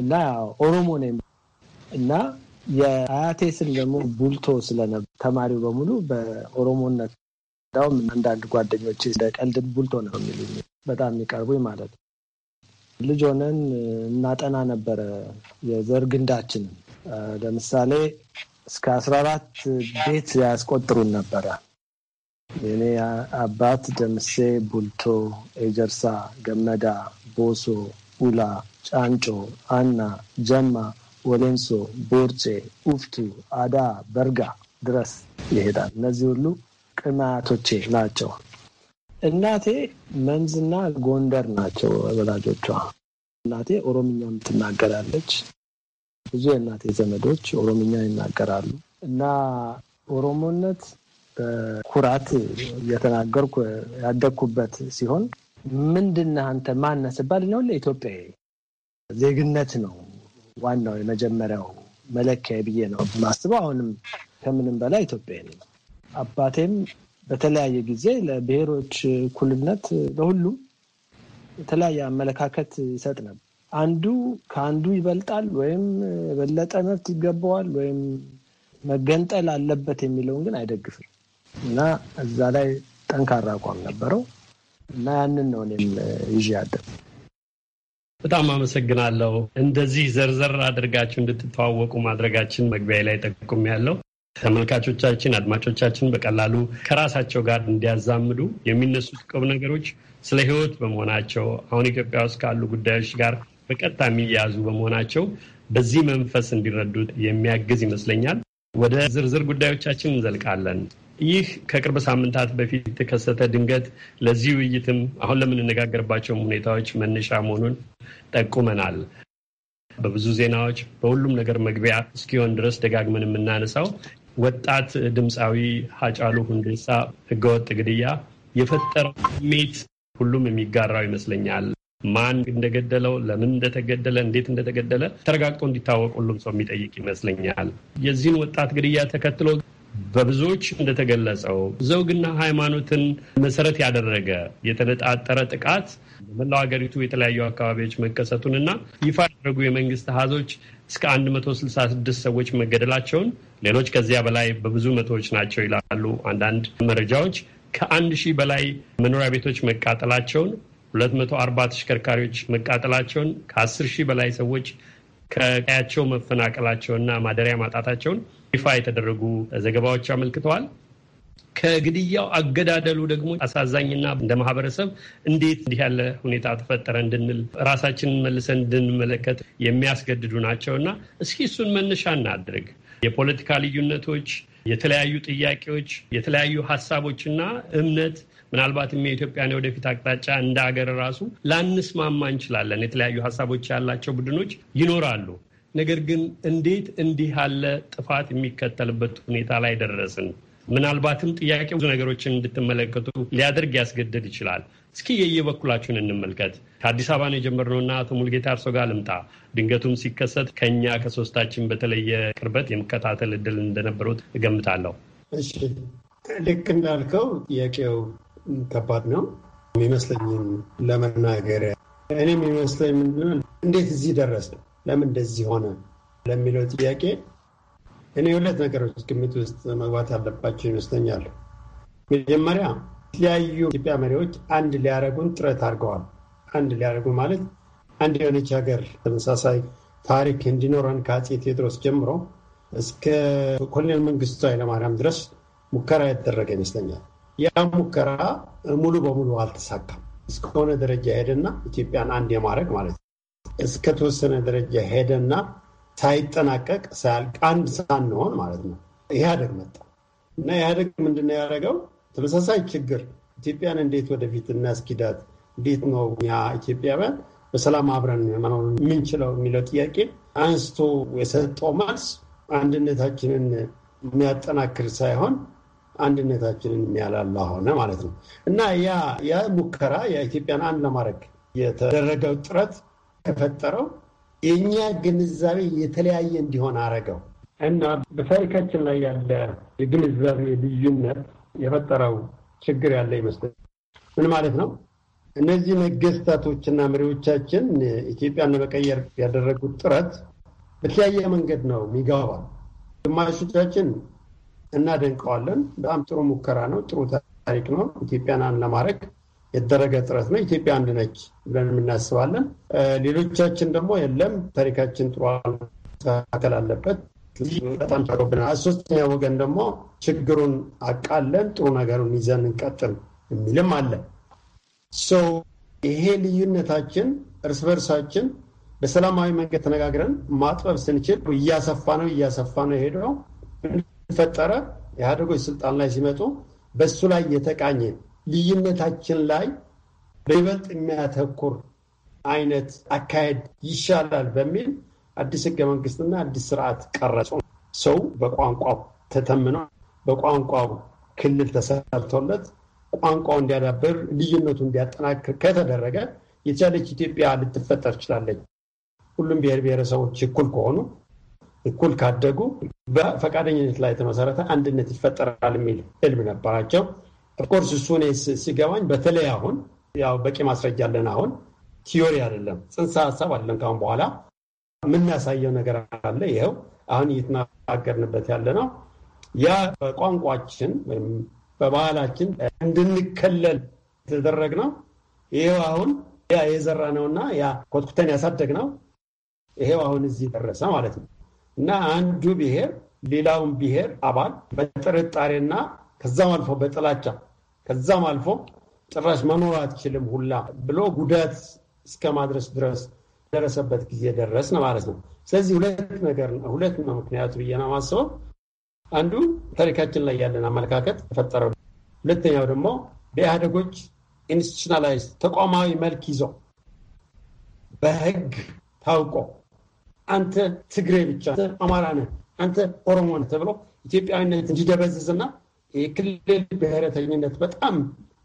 እና ኦሮሞ ነ እና የአያቴ ስም ደግሞ ቡልቶ ስለነበር ተማሪው በሙሉ በኦሮሞነት እንዳውም አንዳንድ ጓደኞች እንደቀልድ ቡልቶ ነው የሚሉ በጣም የሚቀርቡኝ ማለት ነው። ልጅ ሆነን እናጠና ነበረ የዘር ግንዳችንን። ለምሳሌ እስከ አስራ አራት ቤት ያስቆጥሩን ነበረ የኔ አባት ደምሴ ቡልቶ፣ ኤጀርሳ፣ ገመዳ፣ ቦሶ፣ ኡላ፣ ጫንጮ፣ አና፣ ጀማ፣ ወሌንሶ፣ ቦርጬ፣ ኡፍቱ፣ አዳ፣ በርጋ ድረስ ይሄዳል። እነዚህ ሁሉ ቅማያቶቼ ናቸው። እናቴ መንዝና ጎንደር ናቸው ወላጆቿ። እናቴ ኦሮምኛም ትናገራለች። ብዙ የእናቴ ዘመዶች ኦሮምኛ ይናገራሉ እና ኦሮሞነት በኩራት እየተናገርኩ ያደግኩበት ሲሆን ምንድን አንተ ማነህ ስባል ነው ለኢትዮጵያ ዜግነት ነው ዋናው የመጀመሪያው መለኪያ ብዬ ነው ማስበው። አሁንም ከምንም በላይ ኢትዮጵያ ነው። አባቴም በተለያየ ጊዜ ለብሔሮች እኩልነት፣ ለሁሉም የተለያየ አመለካከት ይሰጥ ነበር። አንዱ ከአንዱ ይበልጣል ወይም የበለጠ መብት ይገባዋል ወይም መገንጠል አለበት የሚለውን ግን አይደግፍም። እና እዛ ላይ ጠንካራ አቋም ነበረው እና ያንን ነው እኔም ይዤ ያደግ በጣም አመሰግናለሁ። እንደዚህ ዘርዘር አድርጋችሁ እንድትተዋወቁ ማድረጋችን መግቢያ ላይ ጠቁም ያለው ተመልካቾቻችን፣ አድማጮቻችን በቀላሉ ከራሳቸው ጋር እንዲያዛምዱ የሚነሱት ቁም ነገሮች ስለ ሕይወት በመሆናቸው አሁን ኢትዮጵያ ውስጥ ካሉ ጉዳዮች ጋር በቀጥታ የሚያያዙ በመሆናቸው በዚህ መንፈስ እንዲረዱት የሚያግዝ ይመስለኛል። ወደ ዝርዝር ጉዳዮቻችን እንዘልቃለን። ይህ ከቅርብ ሳምንታት በፊት የተከሰተ ድንገት ለዚህ ውይይትም አሁን ለምንነጋገርባቸውም ሁኔታዎች መነሻ መሆኑን ጠቁመናል። በብዙ ዜናዎች በሁሉም ነገር መግቢያ እስኪሆን ድረስ ደጋግመን የምናነሳው ወጣት ድምፃዊ ሀጫሉ ሁንዴሳ ህገወጥ ግድያ የፈጠረው ስሜት ሁሉም የሚጋራው ይመስለኛል። ማን እንደገደለው፣ ለምን እንደተገደለ፣ እንዴት እንደተገደለ ተረጋግጦ እንዲታወቅ ሁሉም ሰው የሚጠይቅ ይመስለኛል። የዚህን ወጣት ግድያ ተከትሎ በብዙዎች እንደተገለጸው ዘውግና ሃይማኖትን መሰረት ያደረገ የተነጣጠረ ጥቃት በመላው ሀገሪቱ የተለያዩ አካባቢዎች መከሰቱንና ይፋ ያደረጉ የመንግስት አሃዞች እስከ 166 ሰዎች መገደላቸውን፣ ሌሎች ከዚያ በላይ በብዙ መቶዎች ናቸው ይላሉ አንዳንድ መረጃዎች። ከአንድ ሺህ በላይ መኖሪያ ቤቶች መቃጠላቸውን፣ 240 ተሽከርካሪዎች መቃጠላቸውን፣ ከ10 ሺህ በላይ ሰዎች ከቀያቸው መፈናቀላቸውና ማደሪያ ማጣታቸውን ይፋ የተደረጉ ዘገባዎች አመልክተዋል። ከግድያው አገዳደሉ ደግሞ አሳዛኝና እንደ ማህበረሰብ እንዴት እንዲህ ያለ ሁኔታ ተፈጠረ እንድንል ራሳችንን መልሰን እንድንመለከት የሚያስገድዱ ናቸው እና እስኪ እሱን መነሻ እናድርግ። የፖለቲካ ልዩነቶች፣ የተለያዩ ጥያቄዎች፣ የተለያዩ ሀሳቦችና እምነት ምናልባትም የኢትዮጵያን የወደፊት አቅጣጫ እንደ ሀገር ራሱ ላንስማማ እንችላለን። የተለያዩ ሀሳቦች ያላቸው ቡድኖች ይኖራሉ። ነገር ግን እንዴት እንዲህ ያለ ጥፋት የሚከተልበት ሁኔታ ላይ ደረስን? ምናልባትም ጥያቄ ብዙ ነገሮችን እንድትመለከቱ ሊያደርግ ያስገድድ ይችላል። እስኪ የየበኩላችሁን እንመልከት። ከአዲስ አበባ ነው የጀመርነውና አቶ ሙልጌታ እርሶ ጋር ልምጣ። ድንገቱም ሲከሰት ከኛ ከሶስታችን በተለየ ቅርበት የመከታተል እድል እንደነበሩት እገምታለሁ። እሺ፣ ልክ እንዳልከው ጥያቄው ከባድ ነው። የሚመስለኝም ለመናገር እኔም የሚመስለኝ ምንድን እንዴት እዚህ ደረስ ለምን እንደዚህ ሆነ ለሚለው ጥያቄ እኔ ሁለት ነገሮች ግምት ውስጥ መግባት አለባቸው ይመስለኛል። መጀመሪያ የተለያዩ ኢትዮጵያ መሪዎች አንድ ሊያደረጉን ጥረት አድርገዋል። አንድ ሊያደረጉ ማለት አንድ የሆነች ሀገር ተመሳሳይ ታሪክ እንዲኖረን ከአፄ ቴዎድሮስ ጀምሮ እስከ ኮሎኔል መንግስቱ ኃይለማርያም ድረስ ሙከራ ያደረገ ይመስለኛል። ያ ሙከራ ሙሉ በሙሉ አልተሳካም። እስከሆነ ደረጃ ሄደና ኢትዮጵያን አንድ የማድረግ ማለት ነው። እስከተወሰነ ደረጃ ሄደና ሳይጠናቀቅ ሳያልቅ አንድ ሳንሆን ማለት ነው ኢህአደግ መጣ እና ኢህአደግ ምንድነው ያደረገው? ተመሳሳይ ችግር ኢትዮጵያን እንዴት ወደፊት እናስኪዳት፣ እንዴት ነው ያ ኢትዮጵያውያን በሰላም አብረን መኖር የምንችለው የሚለው ጥያቄ አንስቶ የሰጠው መልስ አንድነታችንን የሚያጠናክር ሳይሆን አንድነታችንን የሚያላላ ሆነ ማለት ነው እና ያ ሙከራ የኢትዮጵያን አንድ ለማድረግ የተደረገው ጥረት የፈጠረው የእኛ ግንዛቤ የተለያየ እንዲሆን አረገው እና በታሪካችን ላይ ያለ የግንዛቤ ልዩነት የፈጠረው ችግር ያለ ይመስላል። ምን ማለት ነው? እነዚህ ነገስታቶችና መሪዎቻችን ኢትዮጵያን ለመቀየር ያደረጉት ጥረት በተለያየ መንገድ ነው የሚገባ። ግማሾቻችን እናደንቀዋለን። በጣም ጥሩ ሙከራ ነው፣ ጥሩ ታሪክ ነው። ኢትዮጵያን ለማድረግ የተደረገ ጥረት ነው። ኢትዮጵያ አንድ ነች ብለን የምናስባለን። ሌሎቻችን ደግሞ የለም ታሪካችን ጥሩ መስተካከል አለበት በጣም ተቆብናል። ሶስተኛ ወገን ደግሞ ችግሩን አቃለን ጥሩ ነገሩን ይዘን እንቀጥል የሚልም አለ። ይሄ ልዩነታችን እርስ በርሳችን በሰላማዊ መንገድ ተነጋግረን ማጥበብ ስንችል እያሰፋ ነው እያሰፋ ነው የሄደው ፈጠረ ኢህአዴጎች ስልጣን ላይ ሲመጡ በሱ ላይ የተቃኘ ልዩነታችን ላይ በይበልጥ የሚያተኩር አይነት አካሄድ ይሻላል በሚል አዲስ ህገ መንግስትና አዲስ ስርዓት ቀረጹ። ሰው በቋንቋ ተተምኖ በቋንቋው ክልል ተሰርቶለት ቋንቋው እንዲያዳብር ልዩነቱ እንዲያጠናክር ከተደረገ የቻለች ኢትዮጵያ ልትፈጠር ችላለች። ሁሉም ብሔር ብሔረሰቦች እኩል ከሆኑ እኩል ካደጉ በፈቃደኝነት ላይ የተመሰረተ አንድነት ይፈጠራል የሚል እልም ነበራቸው። ኦፍኮርስ እሱ እኔ ሲገባኝ በተለይ አሁን ያው በቂ ማስረጃ አለን። አሁን ቲዮሪ አይደለም ጽንሰ ሀሳብ አይደለም። ካሁን በኋላ የምናሳየው ነገር አለ። ይኸው አሁን እየተናገርንበት ያለ ነው። ያ በቋንቋችን ወይም በባህላችን እንድንከለል የተደረግ ነው። ይሄው አሁን ያ የዘራ ነውና ያ ኮትኩተን ያሳደግ ነው። ይሄው አሁን እዚህ ደረሰ ማለት ነው እና አንዱ ብሔር ሌላውን ብሔር አባል በጥርጣሬና ከዛም አልፎ በጥላቻ ከዛም አልፎ ጭራሽ መኖር አትችልም ሁላ ብሎ ጉዳት እስከ ማድረስ ድረስ ደረሰበት ጊዜ ደረስን ማለት ነው። ስለዚህ ሁለት ነገር ሁለት ነው ምክንያቱ ብዬ ነው የማስበው። አንዱ ታሪካችን ላይ ያለን አመለካከት ተፈጠረው፣ ሁለተኛው ደግሞ በኢህአደጎች ኢንስቲቱሽናላይዝ ተቋማዊ መልክ ይዞ በህግ ታውቆ አንተ ትግሬ ብቻ፣ አማራ ነህ፣ አንተ ኦሮሞ ነህ ተብሎ ኢትዮጵያዊነት እንዲደበዝዝና የክልል ብሔረተኝነት በጣም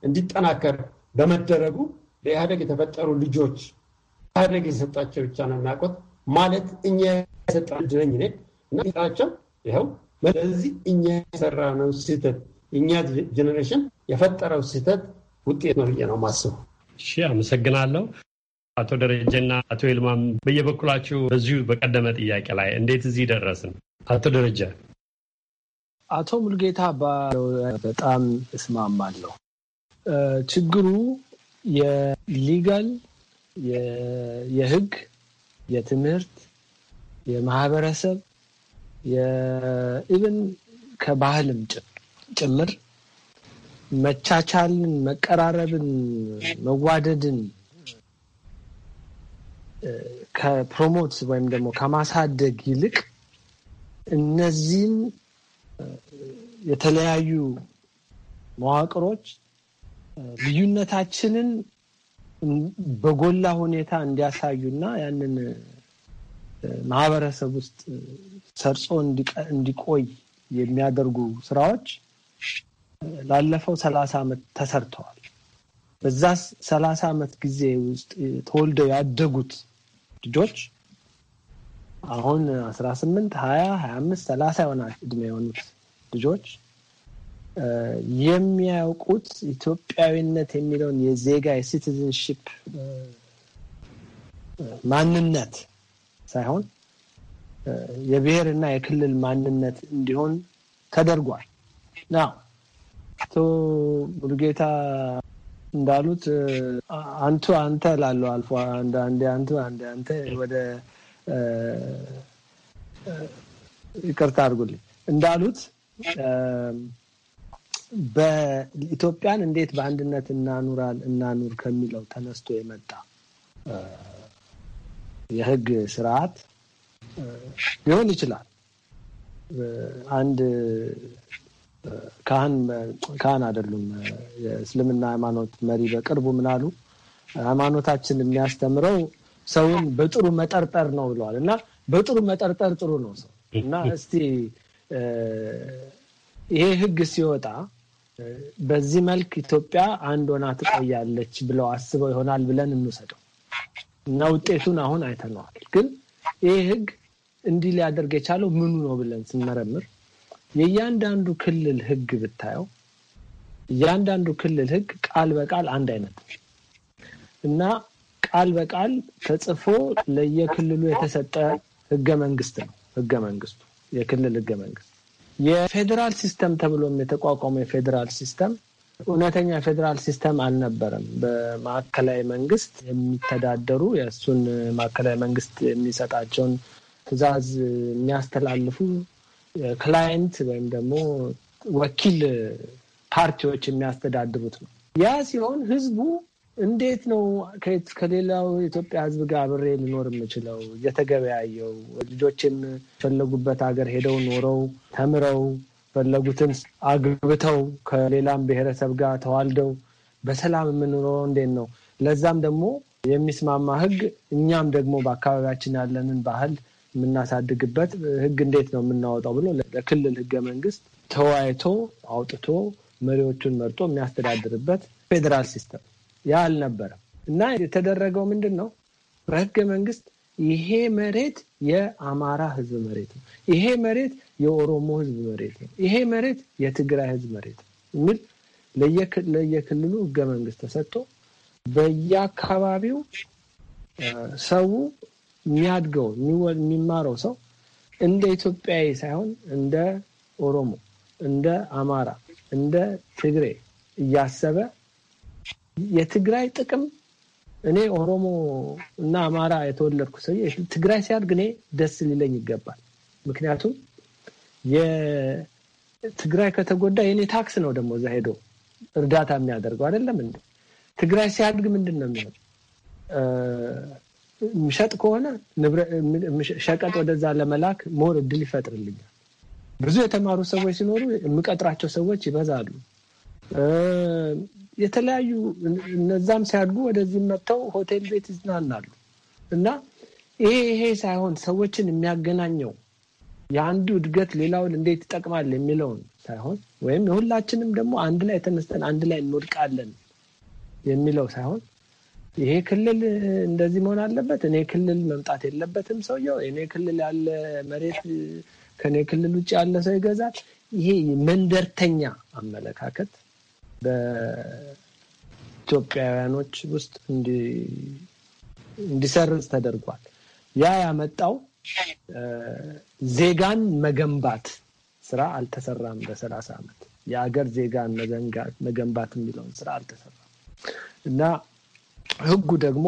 እንዲጠናከር በመደረጉ ለኢህአደግ የተፈጠሩ ልጆች ኢህአደግ የሰጣቸው ብቻ ነው የሚያውቁት ማለት እኛ የሰጠ ድረኝ ነ እናቸው ይኸው። ስለዚህ እኛ የሰራ ነው ስህተት እኛ ጀኔሬሽን የፈጠረው ስህተት ውጤት ነው ብዬ ነው ማስቡ። እሺ፣ አመሰግናለሁ። አቶ ደረጀና አቶ ይልማም በየበኩላችሁ በዚሁ በቀደመ ጥያቄ ላይ እንዴት እዚህ ደረስን? አቶ ደረጀ አቶ ሙልጌታ ባለው በጣም እስማማለሁ። ችግሩ የሊጋል የህግ፣ የትምህርት፣ የማህበረሰብ ኢቨን ከባህልም ጭምር መቻቻልን፣ መቀራረብን፣ መዋደድን ከፕሮሞት ወይም ደግሞ ከማሳደግ ይልቅ እነዚህን የተለያዩ መዋቅሮች ልዩነታችንን በጎላ ሁኔታ እንዲያሳዩና ያንን ማህበረሰብ ውስጥ ሰርጾ እንዲቆይ የሚያደርጉ ስራዎች ላለፈው ሰላሳ ዓመት ተሰርተዋል። በዛ ሰላሳ ዓመት ጊዜ ውስጥ ተወልደው ያደጉት ልጆች አሁን አስራ ስምንት ሀያ ሀያ አምስት ሰላሳ የሆነ እድሜ የሆኑት ልጆች የሚያውቁት ኢትዮጵያዊነት የሚለውን የዜጋ የሲቲዝንሽፕ ማንነት ሳይሆን የብሔርና የክልል ማንነት እንዲሆን ተደርጓል። ናው አቶ ሙሉጌታ እንዳሉት አንቱ አንተ ላለው አልፎ አንዳንዴ ወደ ይቅርታ አድርጉልኝ እንዳሉት በኢትዮጵያን እንዴት በአንድነት እናኑራል እናኑር ከሚለው ተነስቶ የመጣ የህግ ስርዓት ሊሆን ይችላል። አንድ ካህን ካህን አይደሉም፣ የእስልምና ሃይማኖት መሪ በቅርቡ ምናሉ ሃይማኖታችን የሚያስተምረው ሰውን በጥሩ መጠርጠር ነው ብለዋል እና በጥሩ መጠርጠር ጥሩ ነው ሰው እና እስቲ ይሄ ህግ ሲወጣ በዚህ መልክ ኢትዮጵያ አንድ ሆና ትቆያለች ብለው አስበው ይሆናል ብለን እንውሰደው እና ውጤቱን አሁን አይተነዋል። ግን ይሄ ህግ እንዲህ ሊያደርግ የቻለው ምኑ ነው ብለን ስንመረምር የእያንዳንዱ ክልል ህግ ብታየው እያንዳንዱ ክልል ህግ ቃል በቃል አንድ አይነት ነው እና ቃል በቃል ተጽፎ ለየክልሉ የተሰጠ ህገ መንግስት ነው። ህገ መንግስቱ የክልል ህገ መንግስት የፌዴራል ሲስተም ተብሎም የተቋቋመው የፌዴራል ሲስተም እውነተኛ ፌዴራል ሲስተም አልነበረም። በማዕከላዊ መንግስት የሚተዳደሩ የእሱን ማዕከላዊ መንግስት የሚሰጣቸውን ትዕዛዝ የሚያስተላልፉ ክላይንት ወይም ደግሞ ወኪል ፓርቲዎች የሚያስተዳድሩት ነው። ያ ሲሆን ህዝቡ እንዴት ነው ከሌላው የኢትዮጵያ ሕዝብ ጋር አብሬ ልኖር የምችለው? እየተገበያየው ልጆችም ፈለጉበት ሀገር ሄደው ኖረው ተምረው ፈለጉትን አግብተው ከሌላም ብሔረሰብ ጋር ተዋልደው በሰላም የምንኖረው እንዴት ነው? ለዛም ደግሞ የሚስማማ ሕግ እኛም ደግሞ በአካባቢያችን ያለንን ባህል የምናሳድግበት ሕግ እንዴት ነው የምናወጣው ብሎ ለክልል ሕገ መንግስት ተወያይቶ አውጥቶ መሪዎቹን መርጦ የሚያስተዳድርበት ፌዴራል ሲስተም ያ አልነበረም እና የተደረገው ምንድን ነው? በህገ መንግስት ይሄ መሬት የአማራ ህዝብ መሬት ነው፣ ይሄ መሬት የኦሮሞ ህዝብ መሬት ነው፣ ይሄ መሬት የትግራይ ህዝብ መሬት ነው የሚል ለየክልሉ ህገ መንግስት ተሰጥቶ በየአካባቢው ሰው የሚያድገው የሚማረው ሰው እንደ ኢትዮጵያዊ ሳይሆን እንደ ኦሮሞ፣ እንደ አማራ፣ እንደ ትግሬ እያሰበ የትግራይ ጥቅም እኔ ኦሮሞ እና አማራ የተወለድኩ ሰው ትግራይ ሲያድግ እኔ ደስ ሊለኝ ይገባል። ምክንያቱም የትግራይ ከተጎዳ የእኔ ታክስ ነው ደግሞ እዛ ሄዶ እርዳታ የሚያደርገው አይደለም እንደ ትግራይ ሲያድግ ምንድን ነው የሚሆን ምሸጥ ከሆነ ሸቀጥ ወደዛ ለመላክ ሞር እድል ይፈጥርልኛል። ብዙ የተማሩ ሰዎች ሲኖሩ የምቀጥራቸው ሰዎች ይበዛሉ። የተለያዩ እነዛም ሲያድጉ ወደዚህም መጥተው ሆቴል ቤት ይዝናናሉ እና ይሄ ይሄ ሳይሆን ሰዎችን የሚያገናኘው የአንዱ እድገት ሌላውን እንዴት ይጠቅማል የሚለውን ሳይሆን ወይም የሁላችንም ደግሞ አንድ ላይ ተነስተን አንድ ላይ እንወድቃለን የሚለው ሳይሆን ይሄ ክልል እንደዚህ መሆን አለበት፣ እኔ ክልል መምጣት የለበትም ሰውየው፣ እኔ ክልል ያለ መሬት ከእኔ ክልል ውጭ ያለ ሰው ይገዛል። ይሄ መንደርተኛ አመለካከት በኢትዮጵያውያኖች ውስጥ እንዲሰርጽ ተደርጓል። ያ ያመጣው ዜጋን መገንባት ስራ አልተሰራም። በሰላሳ ዓመት የሀገር ዜጋን መገንባት የሚለውን ስራ አልተሰራም እና ህጉ ደግሞ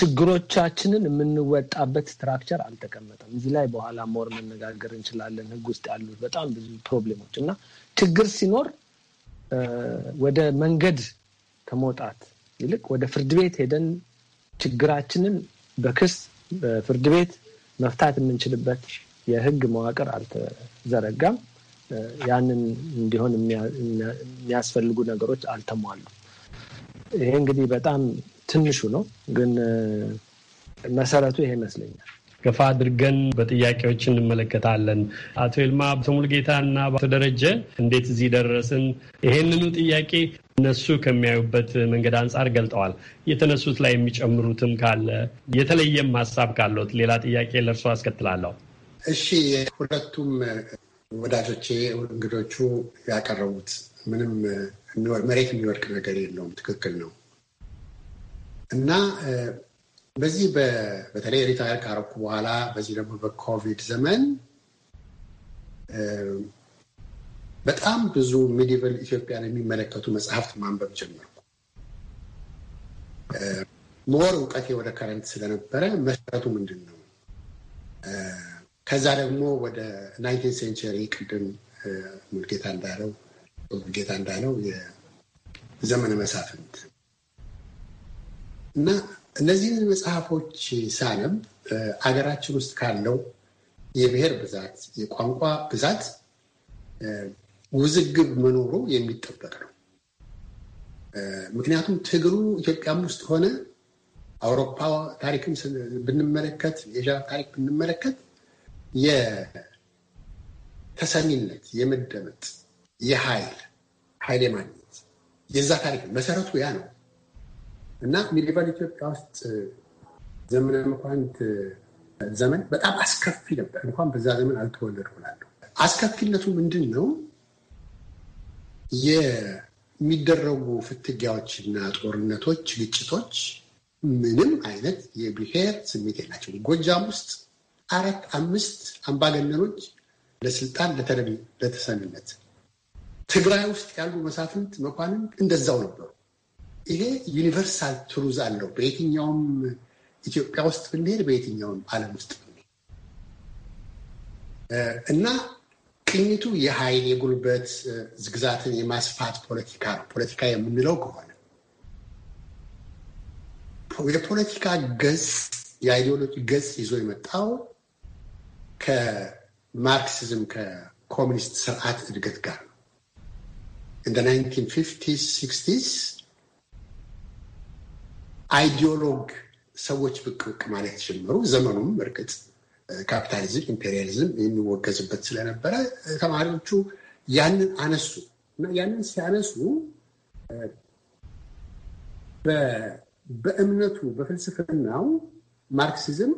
ችግሮቻችንን የምንወጣበት ስትራክቸር አልተቀመጠም። እዚህ ላይ በኋላ ሞር መነጋገር እንችላለን። ህግ ውስጥ ያሉት በጣም ብዙ ፕሮብሌሞች እና ችግር ሲኖር ወደ መንገድ ከመውጣት ይልቅ ወደ ፍርድ ቤት ሄደን ችግራችንን በክስ በፍርድ ቤት መፍታት የምንችልበት የህግ መዋቅር አልተዘረጋም። ያንን እንዲሆን የሚያስፈልጉ ነገሮች አልተሟሉም። ይሄ እንግዲህ በጣም ትንሹ ነው፣ ግን መሰረቱ ይሄ ይመስለኛል። ገፋ አድርገን በጥያቄዎች እንመለከታለን። አቶ ይልማ አቶ እና አቶ ደረጀ እንዴት እዚህ ደረስን? ይሄንኑ ጥያቄ እነሱ ከሚያዩበት መንገድ አንጻር ገልጠዋል። የተነሱት ላይ የሚጨምሩትም ካለ የተለየም ሀሳብ ካለት ሌላ ጥያቄ ለእርሶ አስከትላለሁ። እሺ፣ ሁለቱም ወዳጆቼ እንግዶቹ ያቀረቡት ምንም መሬት የሚወርቅ ነገር የለውም። ትክክል ነው እና በዚህ በተለይ ሪታየር ካረኩ በኋላ በዚህ ደግሞ በኮቪድ ዘመን በጣም ብዙ ሚዲቨል ኢትዮጵያን የሚመለከቱ መጽሐፍት ማንበብ ጀመርኩ። ሞር እውቀቴ ወደ ከረንት ስለነበረ መሰረቱ ምንድን ነው? ከዛ ደግሞ ወደ ናይንቲን ሴንቸሪ ቅድም ሙልጌታ እንዳለው ሙልጌታ እንዳለው የዘመነ መሳፍንት እና እነዚህን መጽሐፎች ሳነብ አገራችን ውስጥ ካለው የብሔር ብዛት፣ የቋንቋ ብዛት ውዝግብ መኖሩ የሚጠበቅ ነው። ምክንያቱም ትግሉ ኢትዮጵያም ውስጥ ሆነ አውሮፓ ታሪክም ብንመለከት፣ የኤዥያ ታሪክ ብንመለከት የተሰሚነት፣ የመደመጥ፣ የኃይል ኃይል የማግኘት የዛ ታሪክ መሰረቱ ያ ነው። እና ሚዲቫል ኢትዮጵያ ውስጥ ዘመነ መኳንንት ዘመን በጣም አስከፊ ነበር። እንኳን በዛ ዘመን አልተወለድኩም እላለሁ። አስከፊነቱ ምንድን ነው? የሚደረጉ ፍትጊያዎችና ጦርነቶች፣ ግጭቶች ምንም አይነት የብሔር ስሜት የላቸው ጎጃም ውስጥ አራት አምስት አምባገነኖች ለስልጣን ለተሰሚነት፣ ትግራይ ውስጥ ያሉ መሳፍንት መኳንንት እንደዛው ነበሩ። ይሄ ዩኒቨርሳል ትሩዝ አለው። በየትኛውም ኢትዮጵያ ውስጥ ብንሄድ፣ በየትኛውም ዓለም ውስጥ ብንሄድ እና ቅኝቱ የኃይል የጉልበት ዝግዛትን የማስፋት ፖለቲካ ነው። ፖለቲካ የምንለው ከሆነ የፖለቲካ ገጽ የአይዲዮሎጂ ገጽ ይዞ የመጣው ከማርክሲዝም ከኮሚኒስት ስርዓት እድገት ጋር ነው። እንደ ናይንቲን ፊፍቲስ ሲክስቲስ አይዲዮሎግ ሰዎች ብቅ ብቅ ማለት ጀመሩ። ዘመኑም እርግጥ ካፒታሊዝም፣ ኢምፔሪያሊዝም የሚወገዝበት ስለነበረ ተማሪዎቹ ያንን አነሱ እና ያንን ሲያነሱ በእምነቱ በፍልስፍናው ማርክሲዝም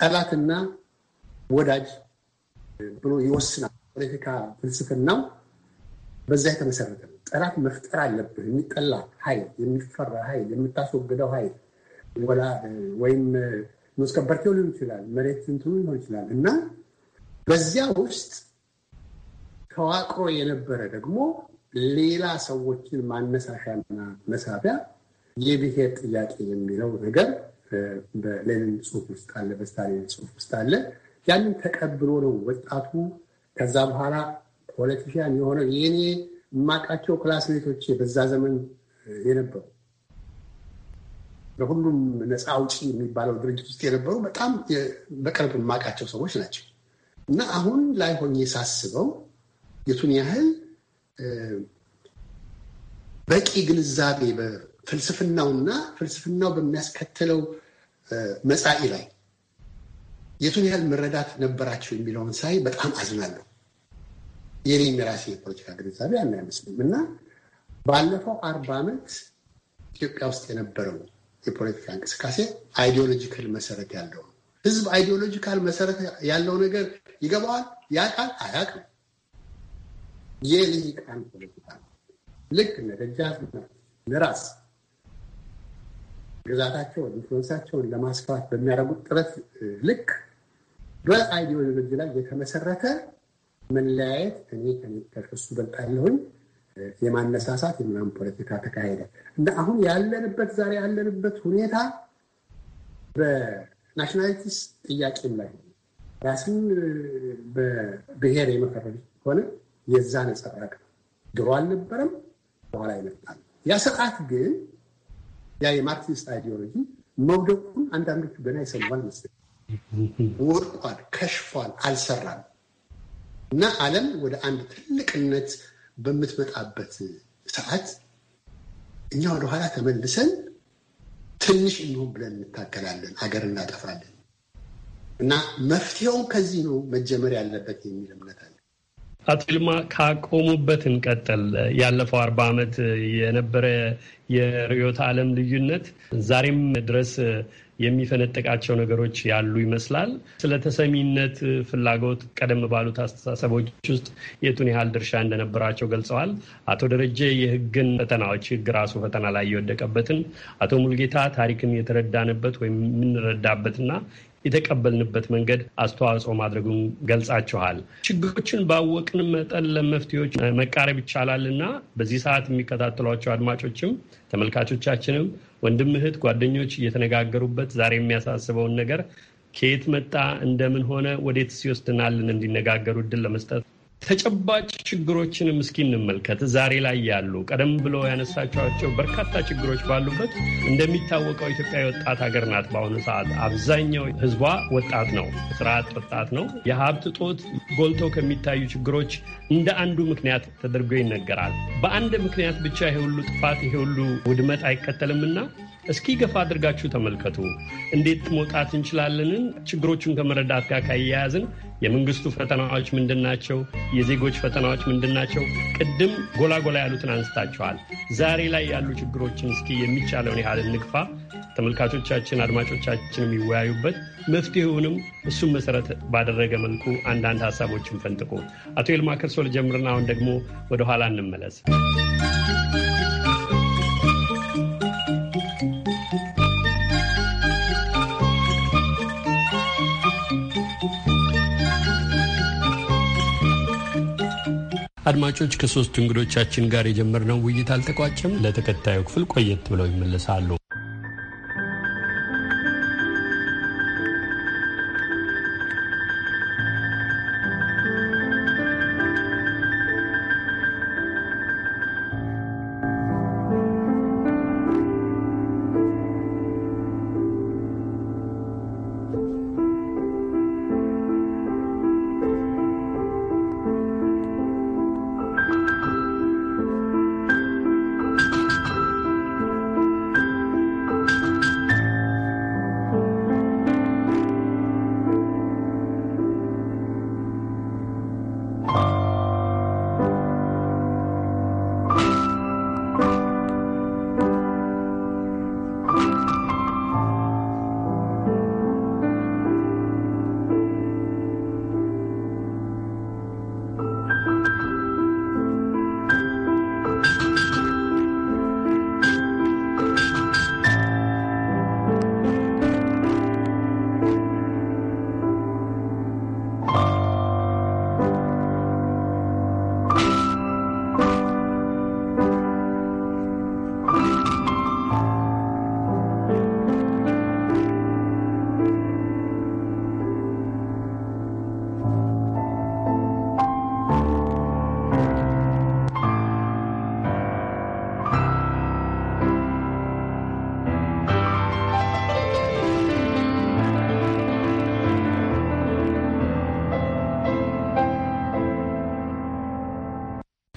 ጠላትና ወዳጅ ብሎ ይወስናል። ፖለቲካ ፍልስፍናው በዛ የተመሰረተ ነው። ጠላት መፍጠር አለብህ። የሚጠላ ኃይል፣ የሚፈራ ኃይል፣ የምታስወግደው ኃይል ወይም መስከበርቴው ሊሆን ይችላል፣ መሬት እንትኑ ሊሆን ይችላል እና በዚያ ውስጥ ተዋቅሮ የነበረ ደግሞ ሌላ ሰዎችን ማነሳሻና መሳቢያ የብሔር ጥያቄ የሚለው ነገር በሌኒን ጽሁፍ ውስጥ አለ፣ በስታሊን ጽሁፍ ውስጥ አለ። ያንን ተቀብሎ ነው ወጣቱ ከዛ በኋላ ፖለቲሽያን የሆነው የኔ የማውቃቸው ክላስሜቶች በዛ ዘመን የነበሩ በሁሉም ነፃ አውጪ የሚባለው ድርጅት ውስጥ የነበሩ በጣም በቅርብ የማውቃቸው ሰዎች ናቸው እና አሁን ላይ ሆኜ ሳስበው የቱን ያህል በቂ ግንዛቤ በፍልስፍናውና ፍልስፍናው በሚያስከትለው መጻኢ ላይ የቱን ያህል መረዳት ነበራቸው የሚለውን ሳይ በጣም አዝናለሁ። የኔም የራሴ የፖለቲካ ግንዛቤ አና አይመስልም እና ባለፈው አርባ ዓመት ኢትዮጵያ ውስጥ የነበረው የፖለቲካ እንቅስቃሴ አይዲዮሎጂካል መሰረት ያለው ነው። ህዝብ አይዲዮሎጂካል መሰረት ያለው ነገር ይገባዋል፣ ያውቃል፣ አያውቅም። የልሂቃን ፖለቲካ ነው። ልክ እነ ደጃዝማች ራስ ግዛታቸውን ኢንፍሉዌንሳቸውን ለማስፋት በሚያደርጉት ጥረት ልክ በአይዲዮሎጂ ላይ የተመሰረተ መለያየት እኔ ከእሱ በልጣለሁኝ የማነሳሳት የምናምን ፖለቲካ ተካሄደ እና አሁን ያለንበት ዛሬ ያለንበት ሁኔታ በናሽናሊቲስ ጥያቄም ላይ ራስን በብሔር የመፈረጅ ሆነ የዛ ነጸብራቅ ድሮ አልነበረም፣ በኋላ ይመጣል። ያ ስርዓት ግን ያ የማርክሲስት አይዲዮሎጂ መውደቁን አንዳንዶቹ ገና ይሰማል መሰለኝ። ወድቋል፣ ከሽፏል፣ አልሰራም። እና ዓለም ወደ አንድ ትልቅነት በምትመጣበት ሰዓት እኛ ወደኋላ ተመልሰን ትንሽ እንሁን ብለን እንታገላለን፣ ሀገር እናጠፋለን። እና መፍትሄውን ከዚህ ነው መጀመር ያለበት የሚል እምነት አለ። አቶ ልማ ካቆሙበት እንቀጠል። ያለፈው አርባ ዓመት የነበረ የርዕዮተ ዓለም ልዩነት ዛሬም ድረስ የሚፈነጥቃቸው ነገሮች ያሉ ይመስላል። ስለ ተሰሚነት ፍላጎት ቀደም ባሉት አስተሳሰቦች ውስጥ የቱን ያህል ድርሻ እንደነበራቸው ገልጸዋል። አቶ ደረጀ የህግን ፈተናዎች ህግ ራሱ ፈተና ላይ የወደቀበትን፣ አቶ ሙልጌታ ታሪክን የተረዳንበት ወይም የምንረዳበትና የተቀበልንበት መንገድ አስተዋጽኦ ማድረጉን ገልጻችኋል። ችግሮችን ባወቅን መጠን ለመፍትሄዎች መቃረብ ይቻላል እና በዚህ ሰዓት የሚከታተሏቸው አድማጮችም ተመልካቾቻችንም ወንድም እህት፣ ጓደኞች እየተነጋገሩበት ዛሬ የሚያሳስበውን ነገር ከየት መጣ እንደምን ሆነ ወዴት ሲወስድናልን እንዲነጋገሩ እድል ለመስጠት ተጨባጭ ችግሮችንም እስኪ እንመልከት። ዛሬ ላይ ያሉ ቀደም ብሎ ያነሳቸዋቸው በርካታ ችግሮች ባሉበት እንደሚታወቀው ኢትዮጵያ የወጣት ሀገር ናት። በአሁኑ ሰዓት አብዛኛው ሕዝቧ ወጣት ነው፣ ስርዓት ወጣት ነው። የሀብት እጦት ጎልቶ ከሚታዩ ችግሮች እንደ አንዱ ምክንያት ተደርጎ ይነገራል። በአንድ ምክንያት ብቻ ይሄ ሁሉ ጥፋት፣ ይሄ ሁሉ ውድመት አይከተልምና እስኪ ገፋ አድርጋችሁ ተመልከቱ። እንዴት መውጣት እንችላለንን? ችግሮቹን ከመረዳት ጋር ካያያዝን የመንግስቱ ፈተናዎች ምንድናቸው? የዜጎች ፈተናዎች ምንድናቸው? ቅድም ጎላ ጎላ ያሉትን አንስታችኋል። ዛሬ ላይ ያሉ ችግሮችን እስኪ የሚቻለውን ያህል እንግፋ። ተመልካቾቻችን፣ አድማጮቻችን የሚወያዩበት መፍትሄውንም እሱን መሰረት ባደረገ መልኩ አንዳንድ ሀሳቦችን ፈንጥቁ። አቶ ይልማ ከርሶ ልጀምርና አሁን ደግሞ ወደኋላ እንመለስ። አድማጮች ከሶስት እንግዶቻችን ጋር የጀመርነው ውይይት አልተቋጨም። ለተከታዩ ክፍል ቆየት ብለው ይመለሳሉ።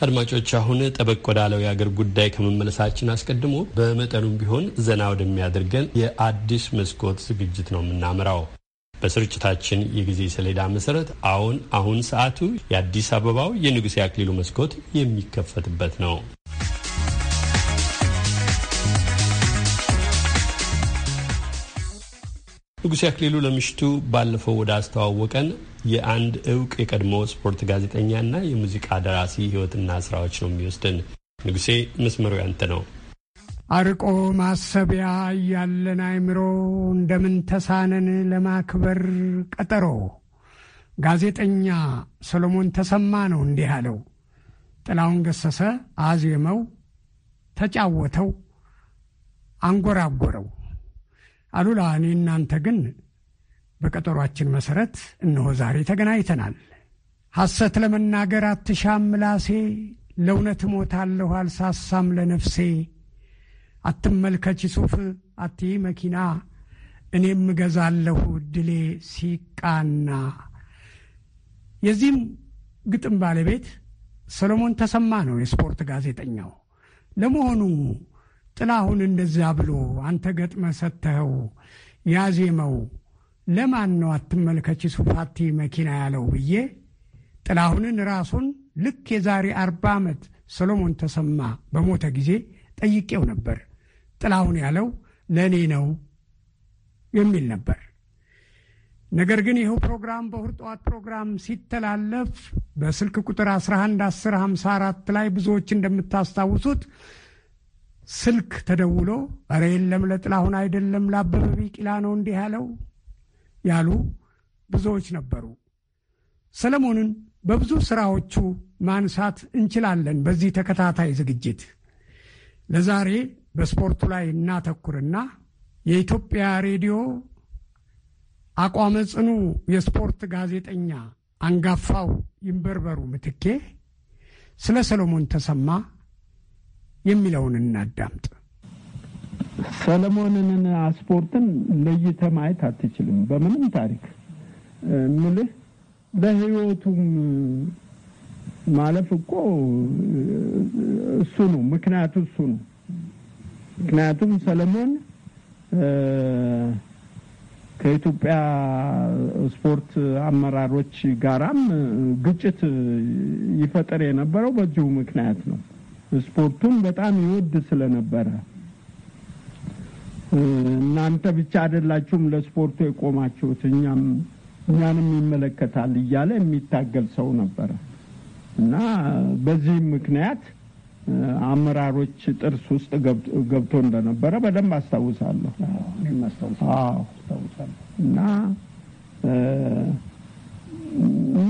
አድማጮች አሁን ጠበቅ ወዳለው የአገር ጉዳይ ከመመለሳችን አስቀድሞ በመጠኑም ቢሆን ዘና ወደሚያደርገን የአዲስ መስኮት ዝግጅት ነው የምናምራው። በስርጭታችን የጊዜ ሰሌዳ መሰረት አሁን አሁን ሰዓቱ የአዲስ አበባው የንጉሴ አክሊሉ መስኮት የሚከፈትበት ነው። ንጉሴ አክሊሉ ለምሽቱ ባለፈው ወደ አስተዋወቀን የአንድ እውቅ የቀድሞ ስፖርት ጋዜጠኛና የሙዚቃ ደራሲ ህይወትና ስራዎች ነው የሚወስድን። ንጉሴ መስመሩ ያንተ ነው። አርቆ ማሰቢያ ያለን አይምሮ እንደምን ተሳነን ለማክበር ቀጠሮ። ጋዜጠኛ ሰሎሞን ተሰማ ነው እንዲህ አለው። ጥላውን ገሰሰ አዜመው፣ ተጫወተው፣ አንጎራጎረው አሉላ፣ እኔ እናንተ ግን በቀጠሯችን መሠረት እነሆ ዛሬ ተገናኝተናል። ሐሰት ለመናገር አትሻም ምላሴ፣ ለእውነት እሞታለሁ አልሳሳም ለነፍሴ። አትመልከች ሱፍ አትይ መኪና፣ እኔም እገዛለሁ ድሌ ሲቃና። የዚህም ግጥም ባለቤት ሰሎሞን ተሰማ ነው፣ የስፖርት ጋዜጠኛው። ለመሆኑ ጥላሁን እንደዛ ብሎ አንተ ገጥመ ሰተኸው ያዜመው ለማን ነው አትመልከች ሱፋቲ መኪና ያለው ብዬ ጥላሁንን ራሱን ልክ የዛሬ አርባ ዓመት ሰሎሞን ተሰማ በሞተ ጊዜ ጠይቄው ነበር። ጥላሁን ያለው ለእኔ ነው የሚል ነበር። ነገር ግን ይኸው ፕሮግራም በእሁድ ጠዋት ፕሮግራም ሲተላለፍ በስልክ ቁጥር 11 10 54 ላይ ብዙዎች እንደምታስታውሱት ስልክ ተደውሎ እረ የለም ለጥላሁን አይደለም ለአበበ ቢቂላ ነው እንዲህ ያለው ያሉ ብዙዎች ነበሩ። ሰለሞንን በብዙ ሥራዎቹ ማንሳት እንችላለን። በዚህ ተከታታይ ዝግጅት ለዛሬ በስፖርቱ ላይ እናተኩርና የኢትዮጵያ ሬዲዮ አቋመ ጽኑ የስፖርት ጋዜጠኛ አንጋፋው ይንበርበሩ ምትኬ ስለ ሰሎሞን ተሰማ የሚለውን እናዳምጥ። ሰለሞንንና አስፖርትን ለይተ ማየት አትችልም። በምንም ታሪክ ምልህ ለህይወቱም ማለፍ እኮ እሱ ነው። ምክንያቱ እሱ ነው። ምክንያቱም ሰለሞን ከኢትዮጵያ ስፖርት አመራሮች ጋራም ግጭት ይፈጠር የነበረው በዚሁ ምክንያት ነው። ስፖርቱን በጣም ይወድ ስለነበረ እናንተ ብቻ አይደላችሁም ለስፖርቱ የቆማችሁት እኛም እኛንም ይመለከታል እያለ የሚታገል ሰው ነበረ እና በዚህም ምክንያት አመራሮች ጥርስ ውስጥ ገብቶ እንደነበረ በደንብ አስታውሳለሁ እና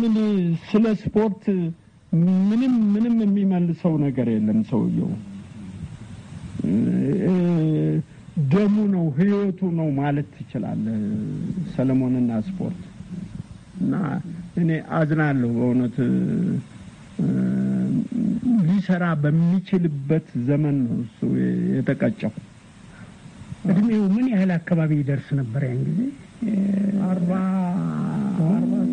ምን ስለ ስፖርት ምንም ምንም የሚመልሰው ነገር የለም። ሰውየው ደሙ ነው ህይወቱ ነው ማለት ትችላለህ። ሰለሞንና ስፖርት እና እኔ አዝናለሁ በእውነት ሊሰራ በሚችልበት ዘመን ነው እሱ የተቀጨው። እድሜው ምን ያህል አካባቢ ይደርስ ነበር ያን ጊዜ? አርባ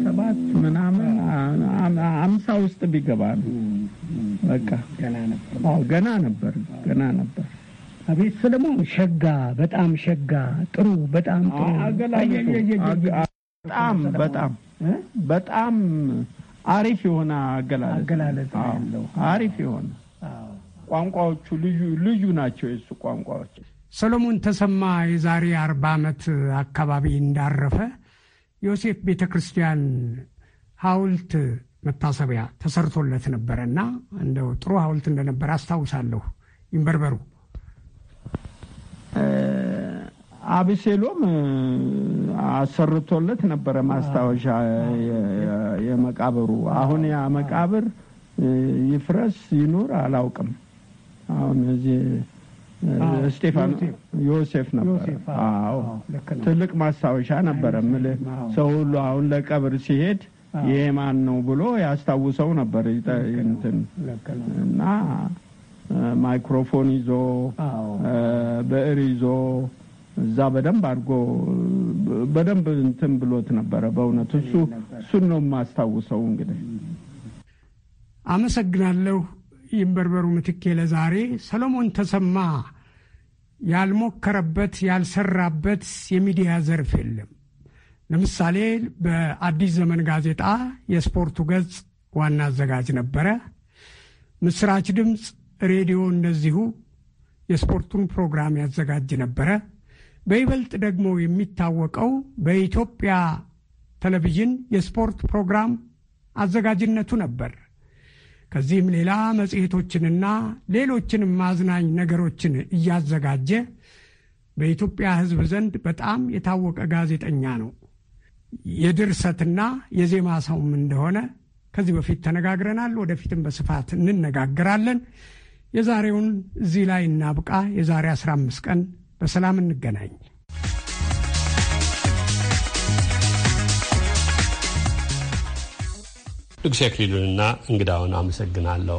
ሰባት ምናምን አምሳ ውስጥ ቢገባ ነው። በቃ ገና ነበር። ገና ነበር። ገና ነበር። አቤት ሰለሞን፣ ሸጋ በጣም ሸጋ፣ ጥሩ በጣም ጥሩ። በጣም በጣም በጣም አሪፍ የሆነ አገላለጽ አሪፍ የሆነ ቋንቋዎቹ ልዩ ልዩ ናቸው የሱ ቋንቋዎች ሰሎሞን ተሰማ የዛሬ አርባ ዓመት አካባቢ እንዳረፈ ዮሴፍ ቤተ ክርስቲያን ሐውልት መታሰቢያ ተሰርቶለት ነበረ እና እንደው ጥሩ ሐውልት እንደነበረ አስታውሳለሁ። ይንበርበሩ አብሴሎም አሰርቶለት ነበረ ማስታወሻ የመቃብሩ። አሁን ያ መቃብር ይፍረስ ይኑር አላውቅም። አሁን እዚህ ስቴፋኖስ ዮሴፍ ነበረ። አዎ ትልቅ ማስታወሻ ነበረ። እምልህ ሰው ሁሉ አሁን ለቀብር ሲሄድ ይሄ ማን ነው ብሎ ያስታውሰው ነበር። እንትን እና ማይክሮፎን ይዞ ብዕር ይዞ እዛ በደንብ አድርጎ በደንብ እንትን ብሎት ነበረ። በእውነት እሱ እሱን ነው የማስታውሰው። እንግዲህ አመሰግናለሁ። ይንበርበሩ ምትኬ ለዛሬ ሰሎሞን ተሰማ ያልሞከረበት ያልሰራበት የሚዲያ ዘርፍ የለም። ለምሳሌ በአዲስ ዘመን ጋዜጣ የስፖርቱ ገጽ ዋና አዘጋጅ ነበረ። ምስራች ድምፅ ሬዲዮ እንደዚሁ የስፖርቱን ፕሮግራም ያዘጋጅ ነበረ። በይበልጥ ደግሞ የሚታወቀው በኢትዮጵያ ቴሌቪዥን የስፖርት ፕሮግራም አዘጋጅነቱ ነበር። ከዚህም ሌላ መጽሔቶችንና ሌሎችንም ማዝናኝ ነገሮችን እያዘጋጀ በኢትዮጵያ ሕዝብ ዘንድ በጣም የታወቀ ጋዜጠኛ ነው። የድርሰትና የዜማ ሰውም እንደሆነ ከዚህ በፊት ተነጋግረናል። ወደፊትም በስፋት እንነጋገራለን። የዛሬውን እዚህ ላይ እናብቃ። የዛሬ 15 ቀን በሰላም እንገናኝ። ንጉሴ አክሊሉንና እንግዳውን አመሰግናለሁ።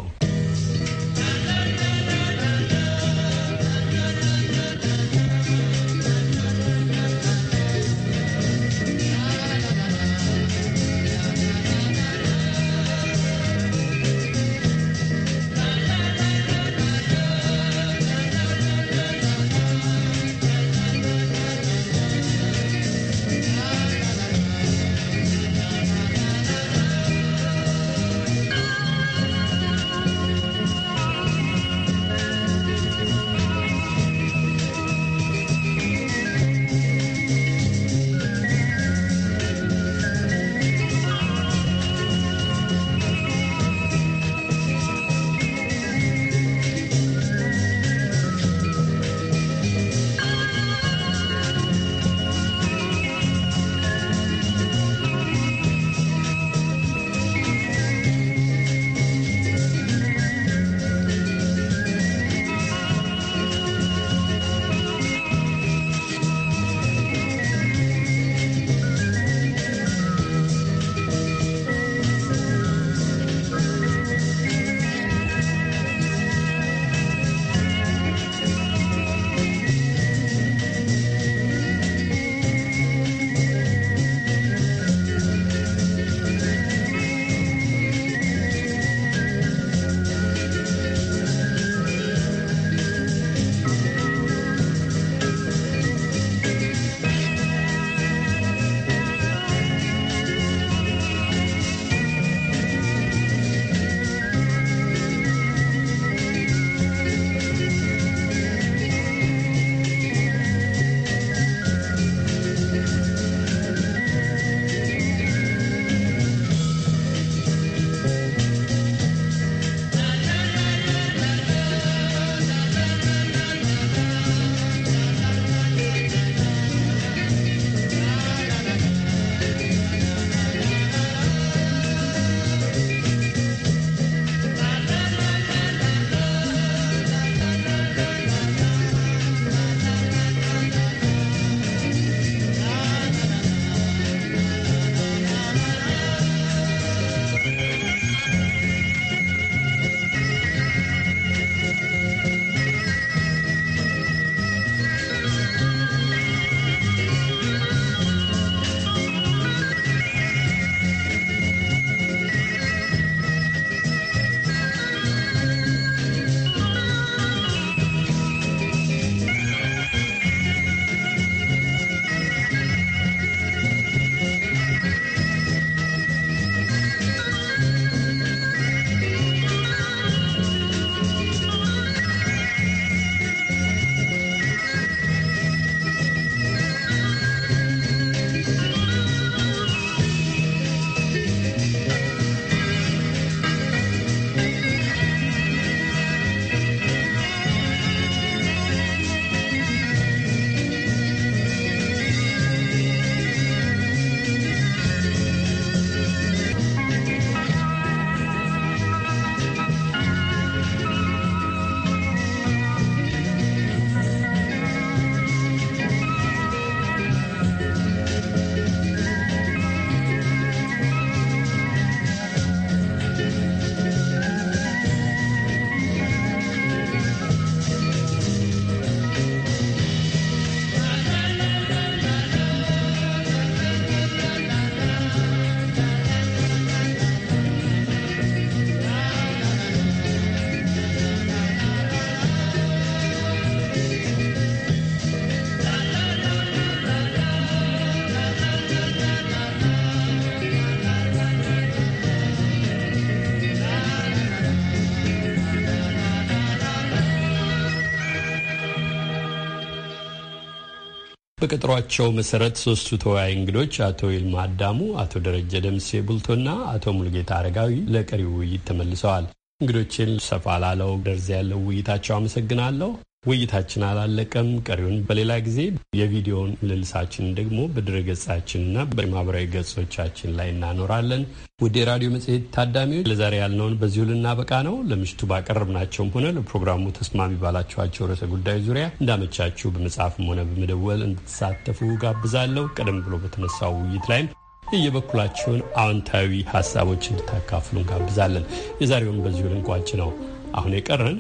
በቀጠሯቸው መሰረት ሶስቱ ተወያይ እንግዶች አቶ ይልማ አዳሙ፣ አቶ ደረጀ ደምሴ ቡልቶና አቶ ሙልጌታ አረጋዊ ለቀሪው ውይይት ተመልሰዋል። እንግዶችን ሰፋ ላለው ደርዝ ያለው ውይይታቸው አመሰግናለሁ። ውይይታችን አላለቀም። ቀሪውን በሌላ ጊዜ የቪዲዮውን ምልልሳችንን ደግሞ በድረገጻችንና በማህበራዊ ገጾቻችን ላይ እናኖራለን። ውድ የራዲዮ መጽሔት ታዳሚዎች ለዛሬ ያልነውን በዚሁ ልናበቃ ነው። ለምሽቱ ባቀረብናቸውም ሆነ ለፕሮግራሙ ተስማሚ ባላችኋቸው ርዕሰ ጉዳይ ዙሪያ እንዳመቻችሁ በመጻፍም ሆነ በመደወል እንድትሳተፉ ጋብዛለሁ። ቀደም ብሎ በተነሳው ውይይት ላይም የየበኩላችሁን አዎንታዊ ሀሳቦች እንድታካፍሉ ጋብዛለን። የዛሬውን በዚሁ ልንቋጭ ነው። አሁን የቀረን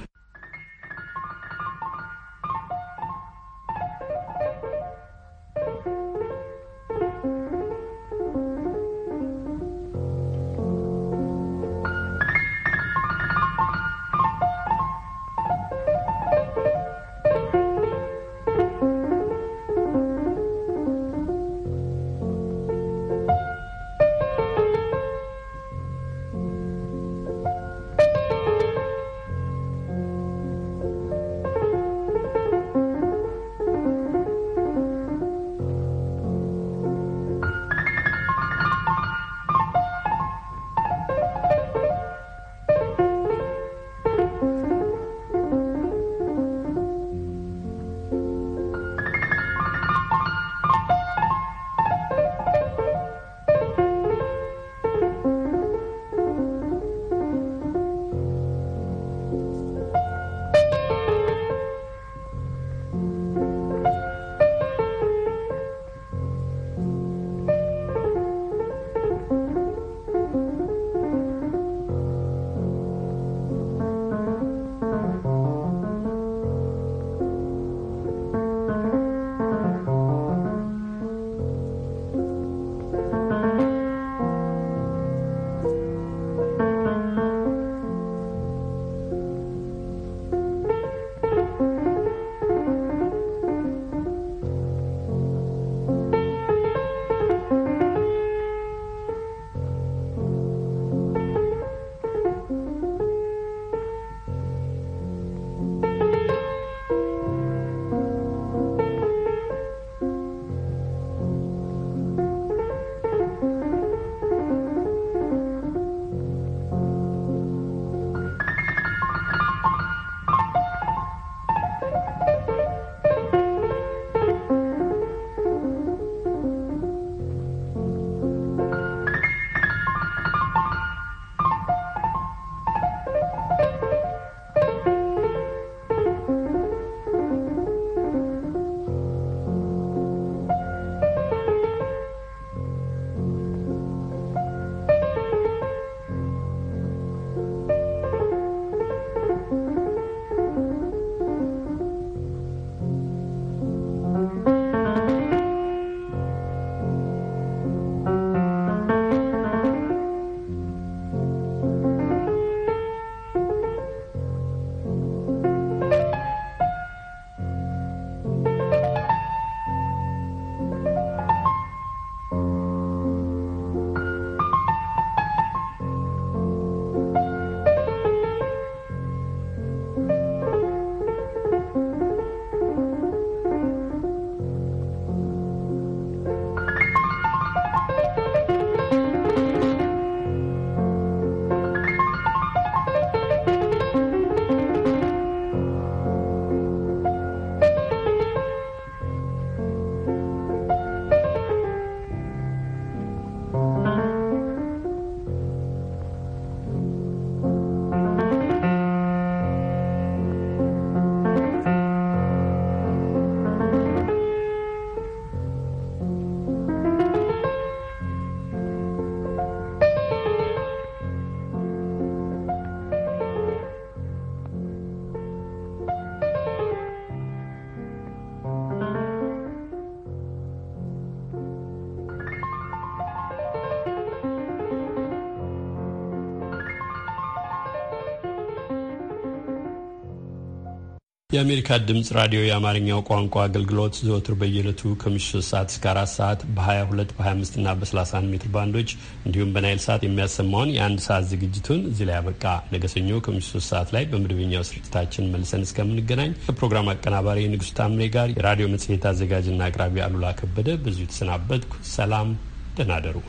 የአሜሪካ ድምጽ ራዲዮ የአማርኛው ቋንቋ አገልግሎት ዘወትር በየዕለቱ ከምሽቱ 3 ሰዓት እስከ አራት ሰዓት በ22 በ25 እና በ31 ሜትር ባንዶች እንዲሁም በናይል ሰዓት የሚያሰማውን የአንድ ሰዓት ዝግጅቱን እዚህ ላይ ያበቃ። ነገ ሰኞ ከምሽቱ 3 ሰዓት ላይ በመደበኛው ስርጭታችን መልሰን እስከምንገናኝ ከፕሮግራም አቀናባሪ ንጉሥ ታምሬ ጋር የራዲዮ መጽሔት አዘጋጅና አቅራቢ አሉላ ከበደ በዚሁ ተሰናበትኩ። ሰላም፣ ደህና ደሩ።